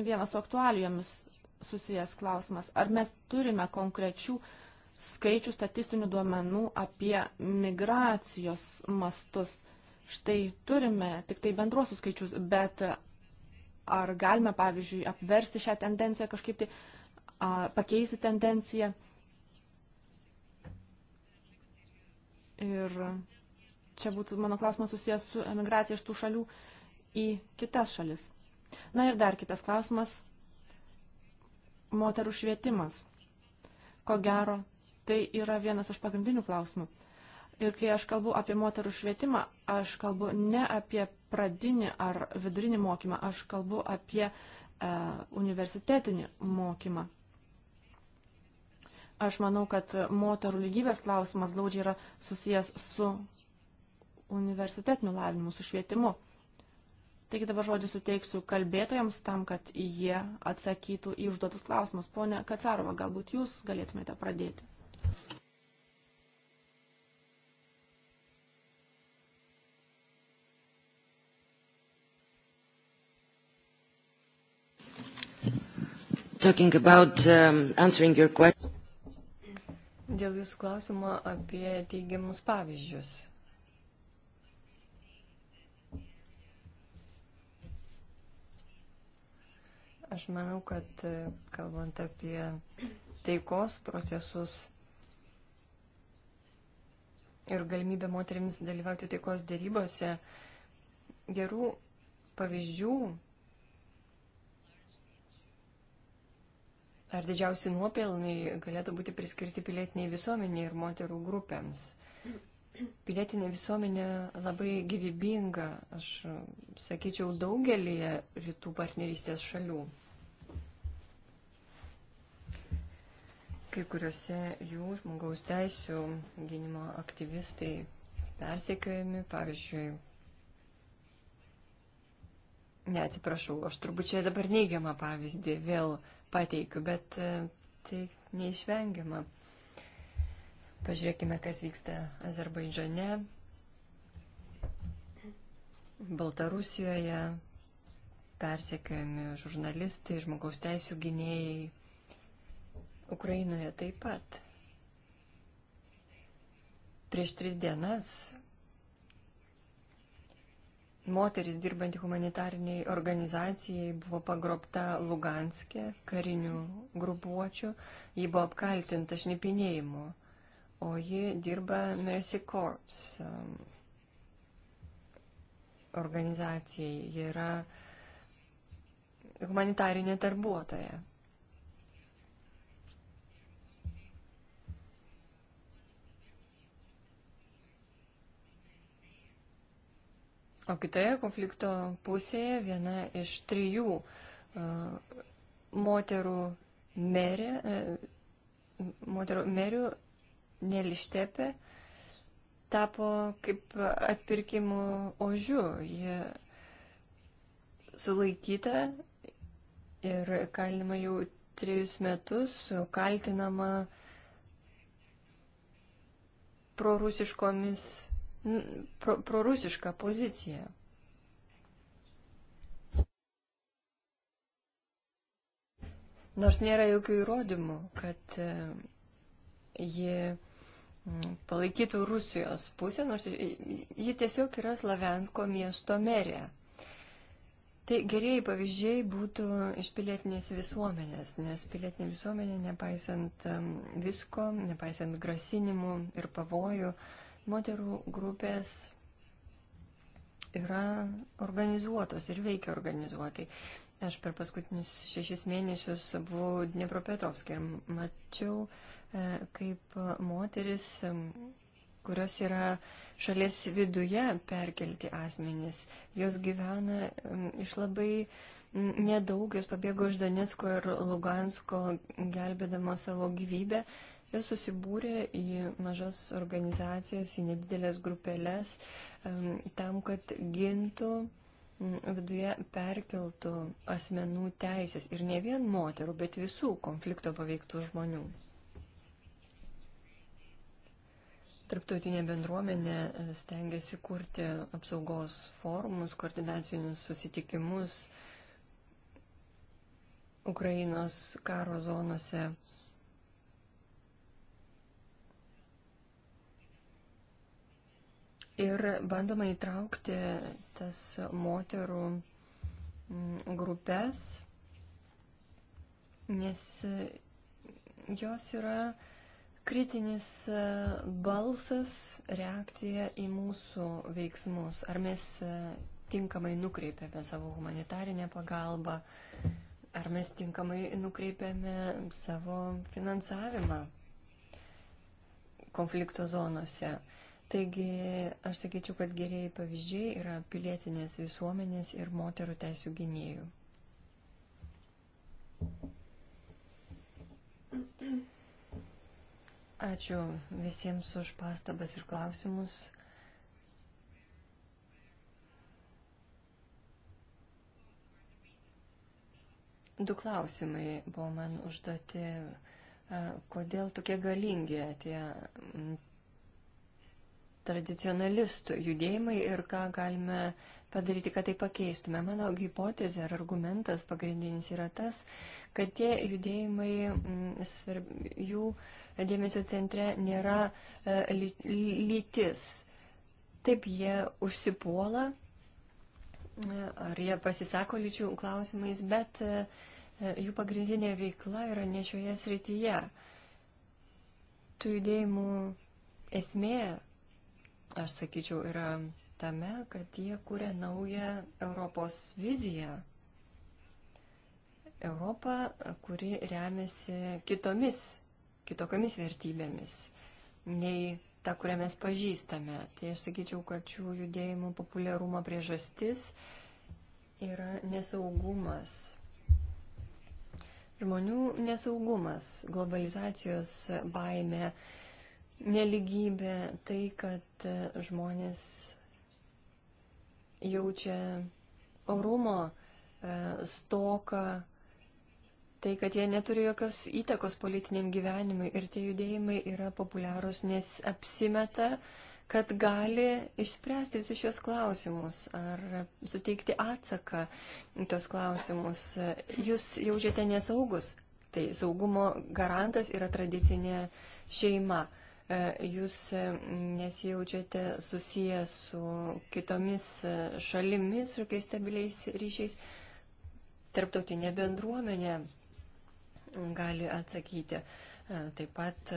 Vienas su aktualijomis susijęs klausimas. Ar mes turime konkrečių skaičių statistinių duomenų apie migracijos mastus? Štai turime tik tai bendruosius skaičius, bet e, ar galime, pavyzdžiui, apversti šią tendenciją kažkaip tai, a, pakeisti tendenciją? Ir čia būtų mano klausimas susijęs su emigracija iš tų šalių į kitas šalis. Na ir dar kitas klausimas moterų švietimas. Ko gero, tai yra vienas iš pagrindinių klausimų. Ir kai aš kalbu apie moterų švietimą, aš kalbu ne apie pradinį ar vidurinį mokymą, aš kalbu apie e, universitetinį mokymą. Aš manau, kad moterų lygybės klausimas glaudžiai yra susijęs su universitetiniu lavinimu, su švietimu. Taigi dabar žodį suteiksiu kalbėtojams tam, kad jie atsakytų į užduotus klausimus. Pone Kacarova, galbūt jūs galėtumėte pradėti. Talking about um, answering your question. Dėl jūsų klausimo apie teigiamus pavyzdžius. Aš manau, kad e, kalbant apie taikos procesus ir galimybę moteriams dalyvauti taikos dėrybose, gerų pavyzdžių ar didžiausi nuopelnai galėtų būti priskirti pilietiniai visuomeniai ir moterų grupėms pilietinė visuomenė labai gyvybinga, aš sakyčiau, daugelį rytų partnerystės šalių. Kai kuriuose jų žmogaus teisų gynimo aktyvistai persekiojami, pavyzdžiui, neatsiprašau, aš turbūt čia dabar neigiamą pavyzdį vėl pateikiu, bet e, tai neišvengiama. Pažiūrėkime, kas vyksta Azerbaidžane, Baltarusijoje, persekiojami žurnalistai, žmogaus teisų gynėjai, Ukrainoje taip pat. Prieš tris dienas moteris dirbanti humanitariniai organizacijai buvo pagrobta Luganskė karinių grupuočių, ji buvo apkaltinta šnipinėjimu o ji dirba Mercy Corps um, organizacijai. Ji yra humanitarinė darbuotoja. O kitoje konflikto pusėje viena iš trijų uh, moterų merė, uh, moterų merių Nelištepė tapo kaip atpirkimų ožių. Ji sulaikyta ir kalinama jau trejus metus, kaltinama prorusiškomis, pro, prorusišką poziciją. Nors nėra jokių įrodymų, kad e, ji palaikytų Rusijos pusę, nors ji tiesiog yra Slavenko miesto merė. Tai geriai pavyzdžiai būtų iš pilietinės visuomenės, nes pilietinė visuomenė, nepaisant visko, nepaisant grasinimų ir pavojų, moterų grupės yra organizuotos ir veikia organizuotai. Aš per paskutinius šešis mėnesius buvau Dnepropetrovskė ir mačiau, e, kaip moteris, kurios yra šalies viduje perkelti asmenys, jos gyvena iš labai nedaug, jos pabėgo iš Donetsko ir Lugansko gelbėdama savo gyvybę. Jie susibūrė į mažas organizacijas, į nedidelės grupelės, tam, kad gintų viduje perkeltų asmenų teisės ir ne vien moterų, bet visų konflikto paveiktų žmonių. Tarptautinė bendruomenė e, stengiasi kurti apsaugos forumus, koordinacinius susitikimus Ukrainos karo zonose Ir bandoma įtraukti tas moterų mm, grupės, nes jos yra kritinis e, balsas, reakcija į mūsų veiksmus. Ar mes e, tinkamai nukreipiame savo humanitarinę pagalbą, ar mes tinkamai nukreipiame savo finansavimą konflikto zonose. Taigi aš sakyčiau, kad geriai pavyzdžiai yra pilietinės visuomenės ir moterų teisų gynėjų. Ačiū visiems už pastabas ir klausimus. Du klausimai buvo man užduoti, kodėl tokie galingi tie tradicionalistų judėjimai ir ką galime padaryti, kad tai pakeistume. Mano hipotezė ar argumentas pagrindinis yra tas, kad tie judėjimai, mm, jų dėmesio centre nėra e, lytis. Taip jie užsipuola, e, ar jie pasisako lyčių klausimais, bet e, jų pagrindinė veikla yra ne šioje srityje. Tų judėjimų esmė aš sakyčiau, yra tame, kad jie kūrė naują Europos viziją. Europą, kuri remiasi kitomis, kitokiamis vertybėmis nei ta, kurią mes pažįstame. Tai aš sakyčiau, kad šių judėjimų populiarumo priežastis yra nesaugumas. Žmonių nesaugumas, globalizacijos baime, neligybė, tai, kad e, žmonės jaučia orumo e, stoką, tai, kad jie neturi jokios įtakos politiniam gyvenimui ir tie judėjimai yra populiarūs, nes apsimeta, kad gali išspręsti visus šios klausimus ar suteikti atsaką į tos klausimus. Jūs jaučiate nesaugus. Tai saugumo garantas yra tradicinė šeima. E, jūs e, nesijaučiate susiję su kitomis e, šalimis ir kai stabiliais ryšiais, tarptautinė bendruomenė gali atsakyti. Taip pat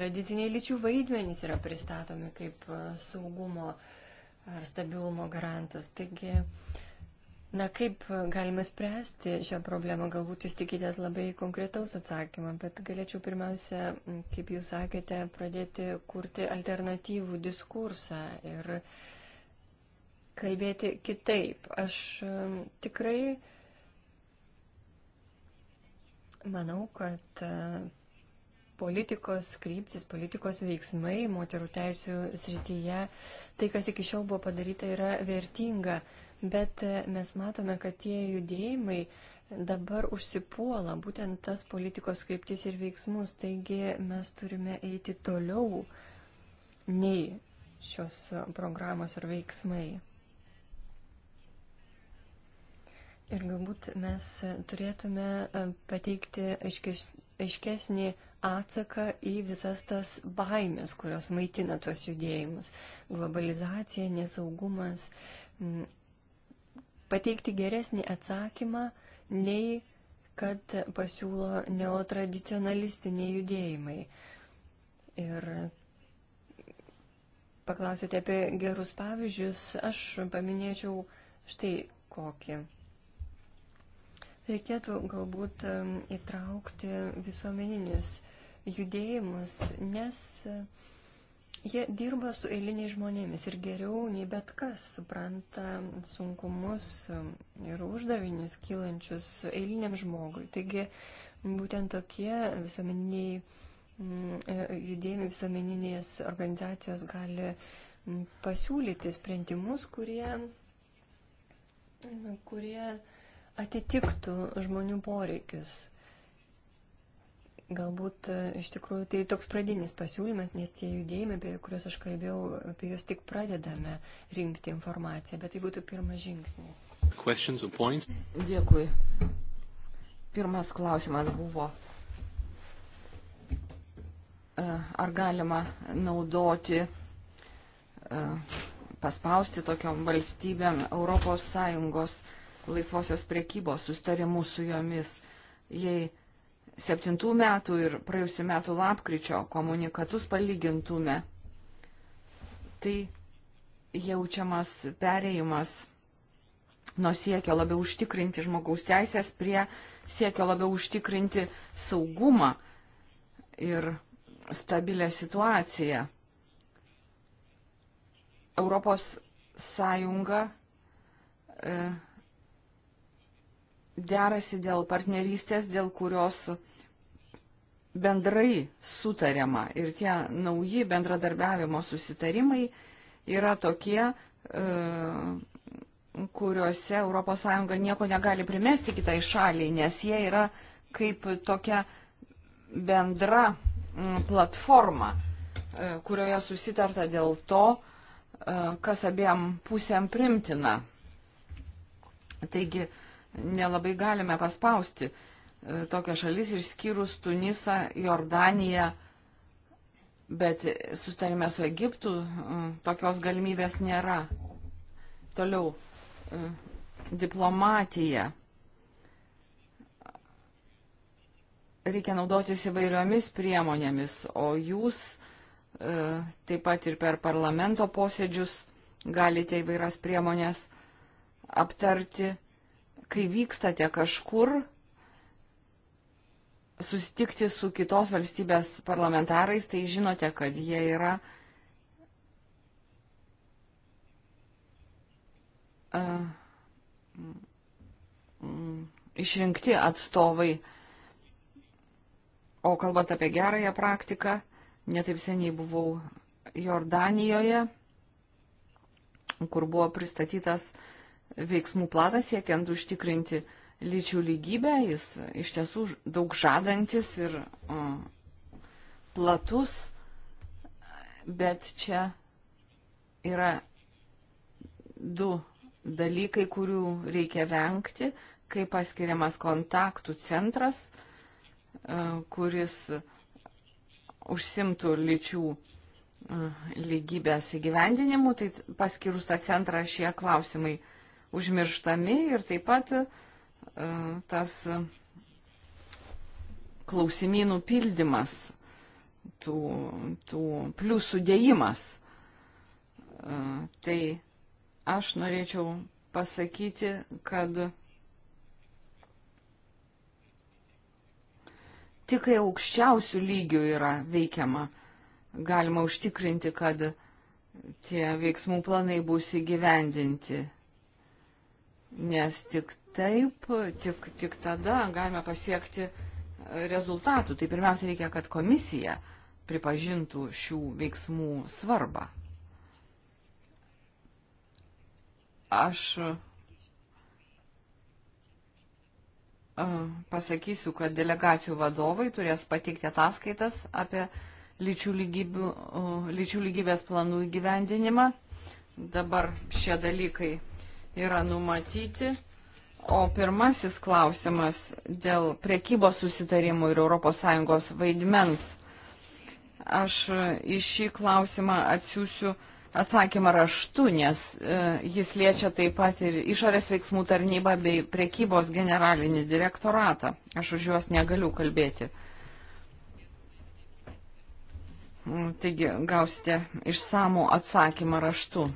tradiciniai lyčių vaidmenys yra pristatomi kaip saugumo ar stabilumo garantas. Taigi, uh, Na kaip galima spręsti šią problemą? Galbūt jūs tikitės labai konkretaus atsakymą, bet galėčiau pirmiausia, kaip jūs sakėte, pradėti kurti alternatyvų diskursą ir kalbėti kitaip. Aš tikrai manau, kad e, politikos kryptis, politikos veiksmai moterų teisų srityje, tai, kas iki šiol buvo padaryta, yra vertinga bet e, mes matome, kad tie judėjimai dabar užsipuola būtent tas politikos kryptis ir veiksmus, taigi mes turime eiti toliau nei šios programos ar veiksmai. Ir galbūt mes turėtume e, pateikti aiškes, aiškesnį atsaką į visas tas baimės, kurios maitina tuos judėjimus. Globalizacija, nesaugumas, pateikti geresnį atsakymą nei kad pasiūlo neotradicionalistiniai judėjimai. Ir paklausėte apie gerus pavyzdžius, aš paminėčiau štai kokį. Reikėtų galbūt um, įtraukti visuomeninius judėjimus, nes uh, Jie dirba su eiliniais žmonėmis ir geriau nei bet kas supranta sunkumus ir uždavinius kylančius eiliniam žmogui. Taigi būtent tokie visuomeniniai mm, judėjimai, visuomeninės organizacijos gali mm, pasiūlyti sprendimus, kurie, mm, kurie atitiktų žmonių poreikius. Galbūt e, iš tikrųjų tai toks pradinis pasiūlymas, nes tie judėjimai, apie kuriuos aš kalbėjau, apie juos tik pradedame rinkti informaciją, bet tai būtų pirmas žingsnis. Dėkui. Pirmas klausimas buvo, e, ar galima naudoti, e, paspausti tokiam valstybėm ES laisvosios priekybos sustarimus su jomis, jei 2007 metų ir praėjusiu metu lapkričio komunikatus palygintume, tai jaučiamas pereimas nuo siekio labiau užtikrinti žmogaus teisės prie siekio labiau užtikrinti saugumą ir stabilę situaciją. Europos Sąjunga e, derasi dėl partnerystės, dėl kurios e, bendrai sutariama ir tie nauji bendradarbiavimo susitarimai yra tokie, e, kuriuose ES nieko negali primesti kitai šaliai, nes jie yra kaip tokia bendra mm, platforma, e, kurioje susitarta dėl to, e, kas abiem pusėm primtina. Taigi nelabai galime paspausti uh, tokias šalis išskyrus Tunisą, Jordaniją, bet sustarime su Egiptu mm, tokios galimybės nėra. Toliau mm, diplomatija. Reikia naudotis įvairiomis priemonėmis, o jūs mm, taip pat ir per parlamento posėdžius galite įvairias priemonės aptarti, kai vykstate kažkur susitikti su kitos valstybės parlamentarais, tai žinote, kad jie yra uh, išrinkti atstovai. O kalbant apie gerąją praktiką, netaip seniai buvau Jordanijoje, kur buvo pristatytas veiksmų platas siekiant užtikrinti uh, lyčių lygybę, jis iš tiesų daug žadantis ir mm, platus, bet čia yra du dalykai, kurių reikia vengti, kaip paskiriamas kontaktų centras, e, kuris užsimtų lyčių e, lygybės įgyvendinimu, tai paskirus tą centrą šie klausimai užmirštami ir taip pat uh, E, tas klausimynų pildymas, tų, tų pliusų dėjimas. E, tai aš norėčiau pasakyti, kad tik aukščiausių lygių yra veikiama. Galima užtikrinti, kad tie veiksmų planai bus įgyvendinti nes tik taip, tik, tik tada galime pasiekti e, rezultatų. Tai pirmiausia reikia, kad komisija pripažintų šių veiksmų svarbą. Aš e, pasakysiu, kad delegacijų vadovai turės pateikti ataskaitas apie lyčių, lygybių, e, lyčių lygybės planų įgyvendinimą. Dabar šie dalykai yra numatyti. O pirmasis klausimas dėl priekybos susitarimų ir ES vaidmens. Aš į šį klausimą atsiųsiu atsakymą raštu, nes e, jis liečia taip pat ir išorės veiksmų tarnybą bei priekybos generalinį direktoratą. Aš už juos negaliu kalbėti. Taigi gausite išsamų atsakymą raštu.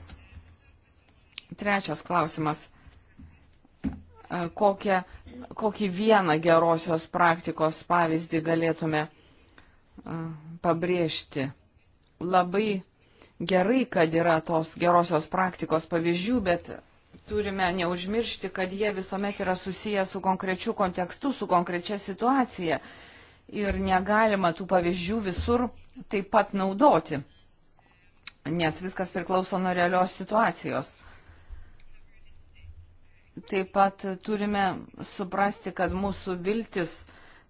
Trečias klausimas. E, kokią, kokį vieną gerosios praktikos pavyzdį galėtume e, pabrėžti? Labai gerai, kad yra tos gerosios praktikos pavyzdžių, bet turime neužmiršti, kad jie visuomet yra susiję su konkrečiu kontekstu, su konkrečia situacija ir negalima tų pavyzdžių visur taip pat naudoti, nes viskas priklauso nuo realios situacijos. Taip pat turime suprasti, kad mūsų viltis,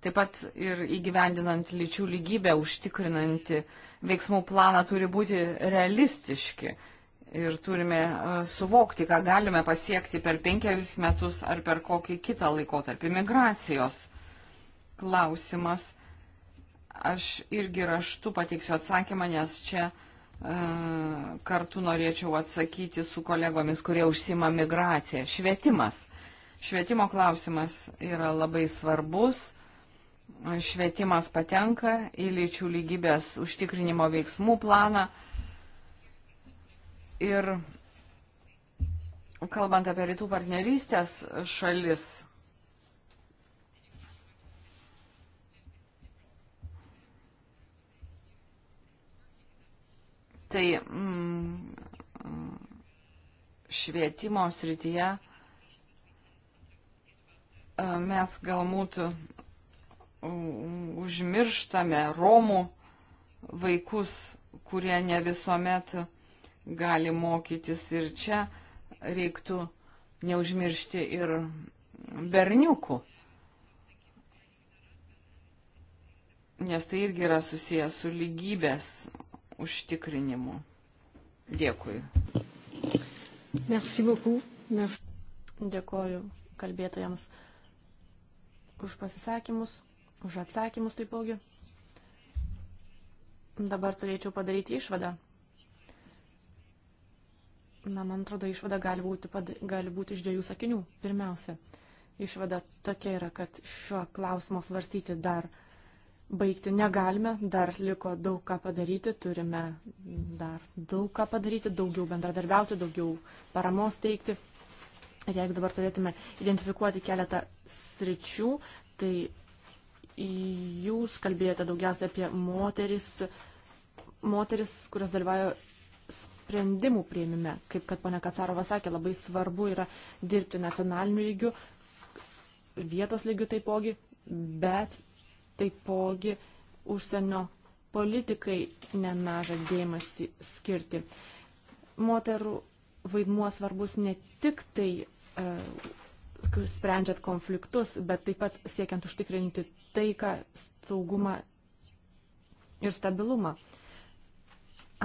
taip pat ir įgyvendinant lyčių lygybę, užtikrinanti veiksmų planą, turi būti realistiški. Ir turime e, suvokti, ką galime pasiekti per penkerius metus ar per kokį kitą laikotarpį. Migracijos klausimas. Aš irgi raštu pateiksiu atsakymą, nes čia uh, kartu norėčiau atsakyti su kolegomis, kurie užsima migraciją. Švietimas. Švietimo klausimas yra labai svarbus. Švietimas patenka į lyčių lygybės užtikrinimo veiksmų planą. Ir kalbant apie rytų partnerystės šalis, Tai mm, švietimo srityje e, mes galbūt e, užmirštame Romų vaikus, kurie ne visuomet gali mokytis ir čia reiktų neužmiršti ir berniukų. Nes tai irgi yra susijęs su lygybės užtikrinimu. Dėkui. Merci beaucoup. Merci. Dėkoju kalbėtojams už pasisakymus, už atsakymus taipogi. Dabar turėčiau padaryti išvadą. Na, man atrodo, išvada gali būti, gali būti iš dviejų sakinių. Pirmiausia, išvada tokia yra, kad šiuo klausimo svarstyti dar baigti negalime, dar liko daug ką padaryti, turime dar daug ką padaryti, daugiau bendradarbiauti, daugiau paramos teikti. Ir jeigu dabar turėtume identifikuoti keletą sričių, tai jūs kalbėjote daugiausia apie moteris, moteris kurios dalyvauja sprendimų prieimime. Kaip kad ponia Kacarova sakė, labai svarbu yra dirbti nacionaliniu lygiu, vietos lygiu taipogi, bet taipogi užsienio politikai nemažą dėmesį skirti. Moterų vaidmuo svarbus ne tik tai uh, e, sprendžiant konfliktus, bet taip pat siekiant užtikrinti taiką, saugumą ir stabilumą.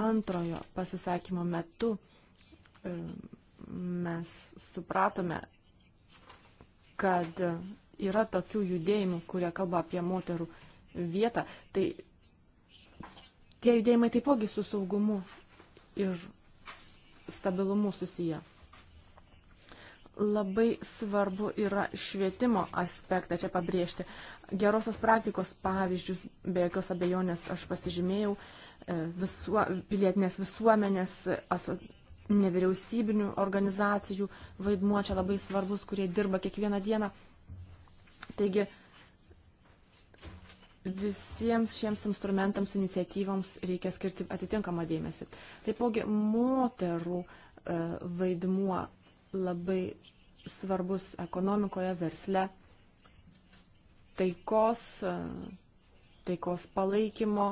Antrojo pasisakymo metu uh, mes supratome, kad uh, yra tokių judėjimų, kurie kalba apie moterų vietą, tai tie judėjimai taipogi su saugumu ir stabilumu susiję. Labai svarbu yra švietimo aspektą čia pabrėžti. Gerosios praktikos pavyzdžius, be jokios abejonės, aš pasižymėjau e, visuo, pilietinės visuomenės, aso, nevyriausybinių organizacijų vaidmuo čia labai svarbus, kurie dirba kiekvieną dieną Taigi visiems šiems instrumentams, iniciatyvams reikia skirti atitinkamą dėmesį. Taipogi moterų e, vaidmuo labai svarbus ekonomikoje, versle, taikos, e, taikos palaikymo,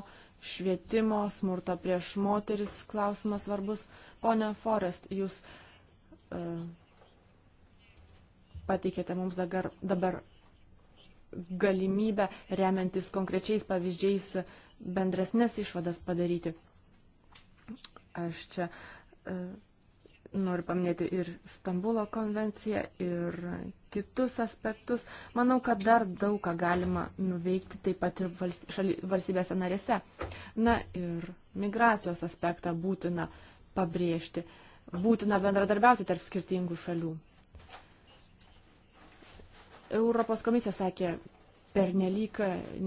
švietimo, smurto prieš moteris klausimas svarbus. Pone Forest, jūs uh, pateikėte mums dabar, dabar galimybę remiantis konkrečiais pavyzdžiais bendresnės išvadas padaryti. Aš čia e, noriu paminėti ir Stambulo konvenciją, ir kitus aspektus. Manau, kad dar daug ką galima nuveikti taip pat ir valstybėse narėse. Na ir migracijos aspektą būtina pabrėžti, būtina bendradarbiauti tarp skirtingų šalių. Europos komisija sakė, pernelyg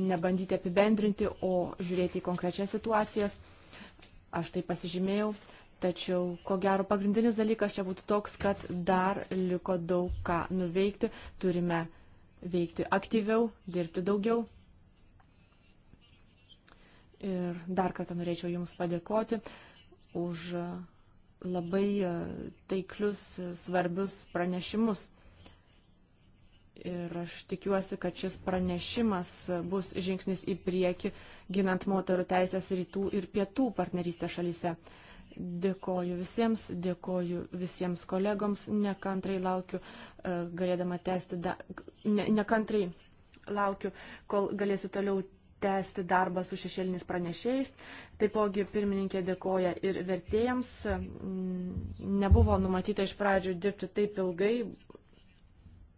nebandyti apibendrinti, o žiūrėti į konkrečias situacijas. Aš tai pasižymėjau, tačiau ko gero pagrindinis dalykas čia būtų toks, kad dar liko daug ką nuveikti, turime veikti aktyviau, dirbti daugiau. Ir dar kartą norėčiau Jums padėkoti už labai taiklius, svarbius pranešimus. Ir aš tikiuosi, kad šis pranešimas bus žingsnis į priekį, ginant moterų teisės rytų ir pietų partnerystės šalyse. Dėkoju visiems, dėkoju visiems kolegoms, nekantrai laukiu, e, galėdama tęsti, da, ne, nekantrai laukiu, kol galėsiu toliau tęsti darbą su šešėliniais pranešėjais. Taipogi pirmininkė dėkoja ir vertėjams. Nebuvo numatyta iš pradžių dirbti taip ilgai,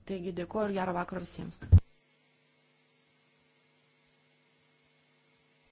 Taigi dėkuoju ir gero vakaro visiems.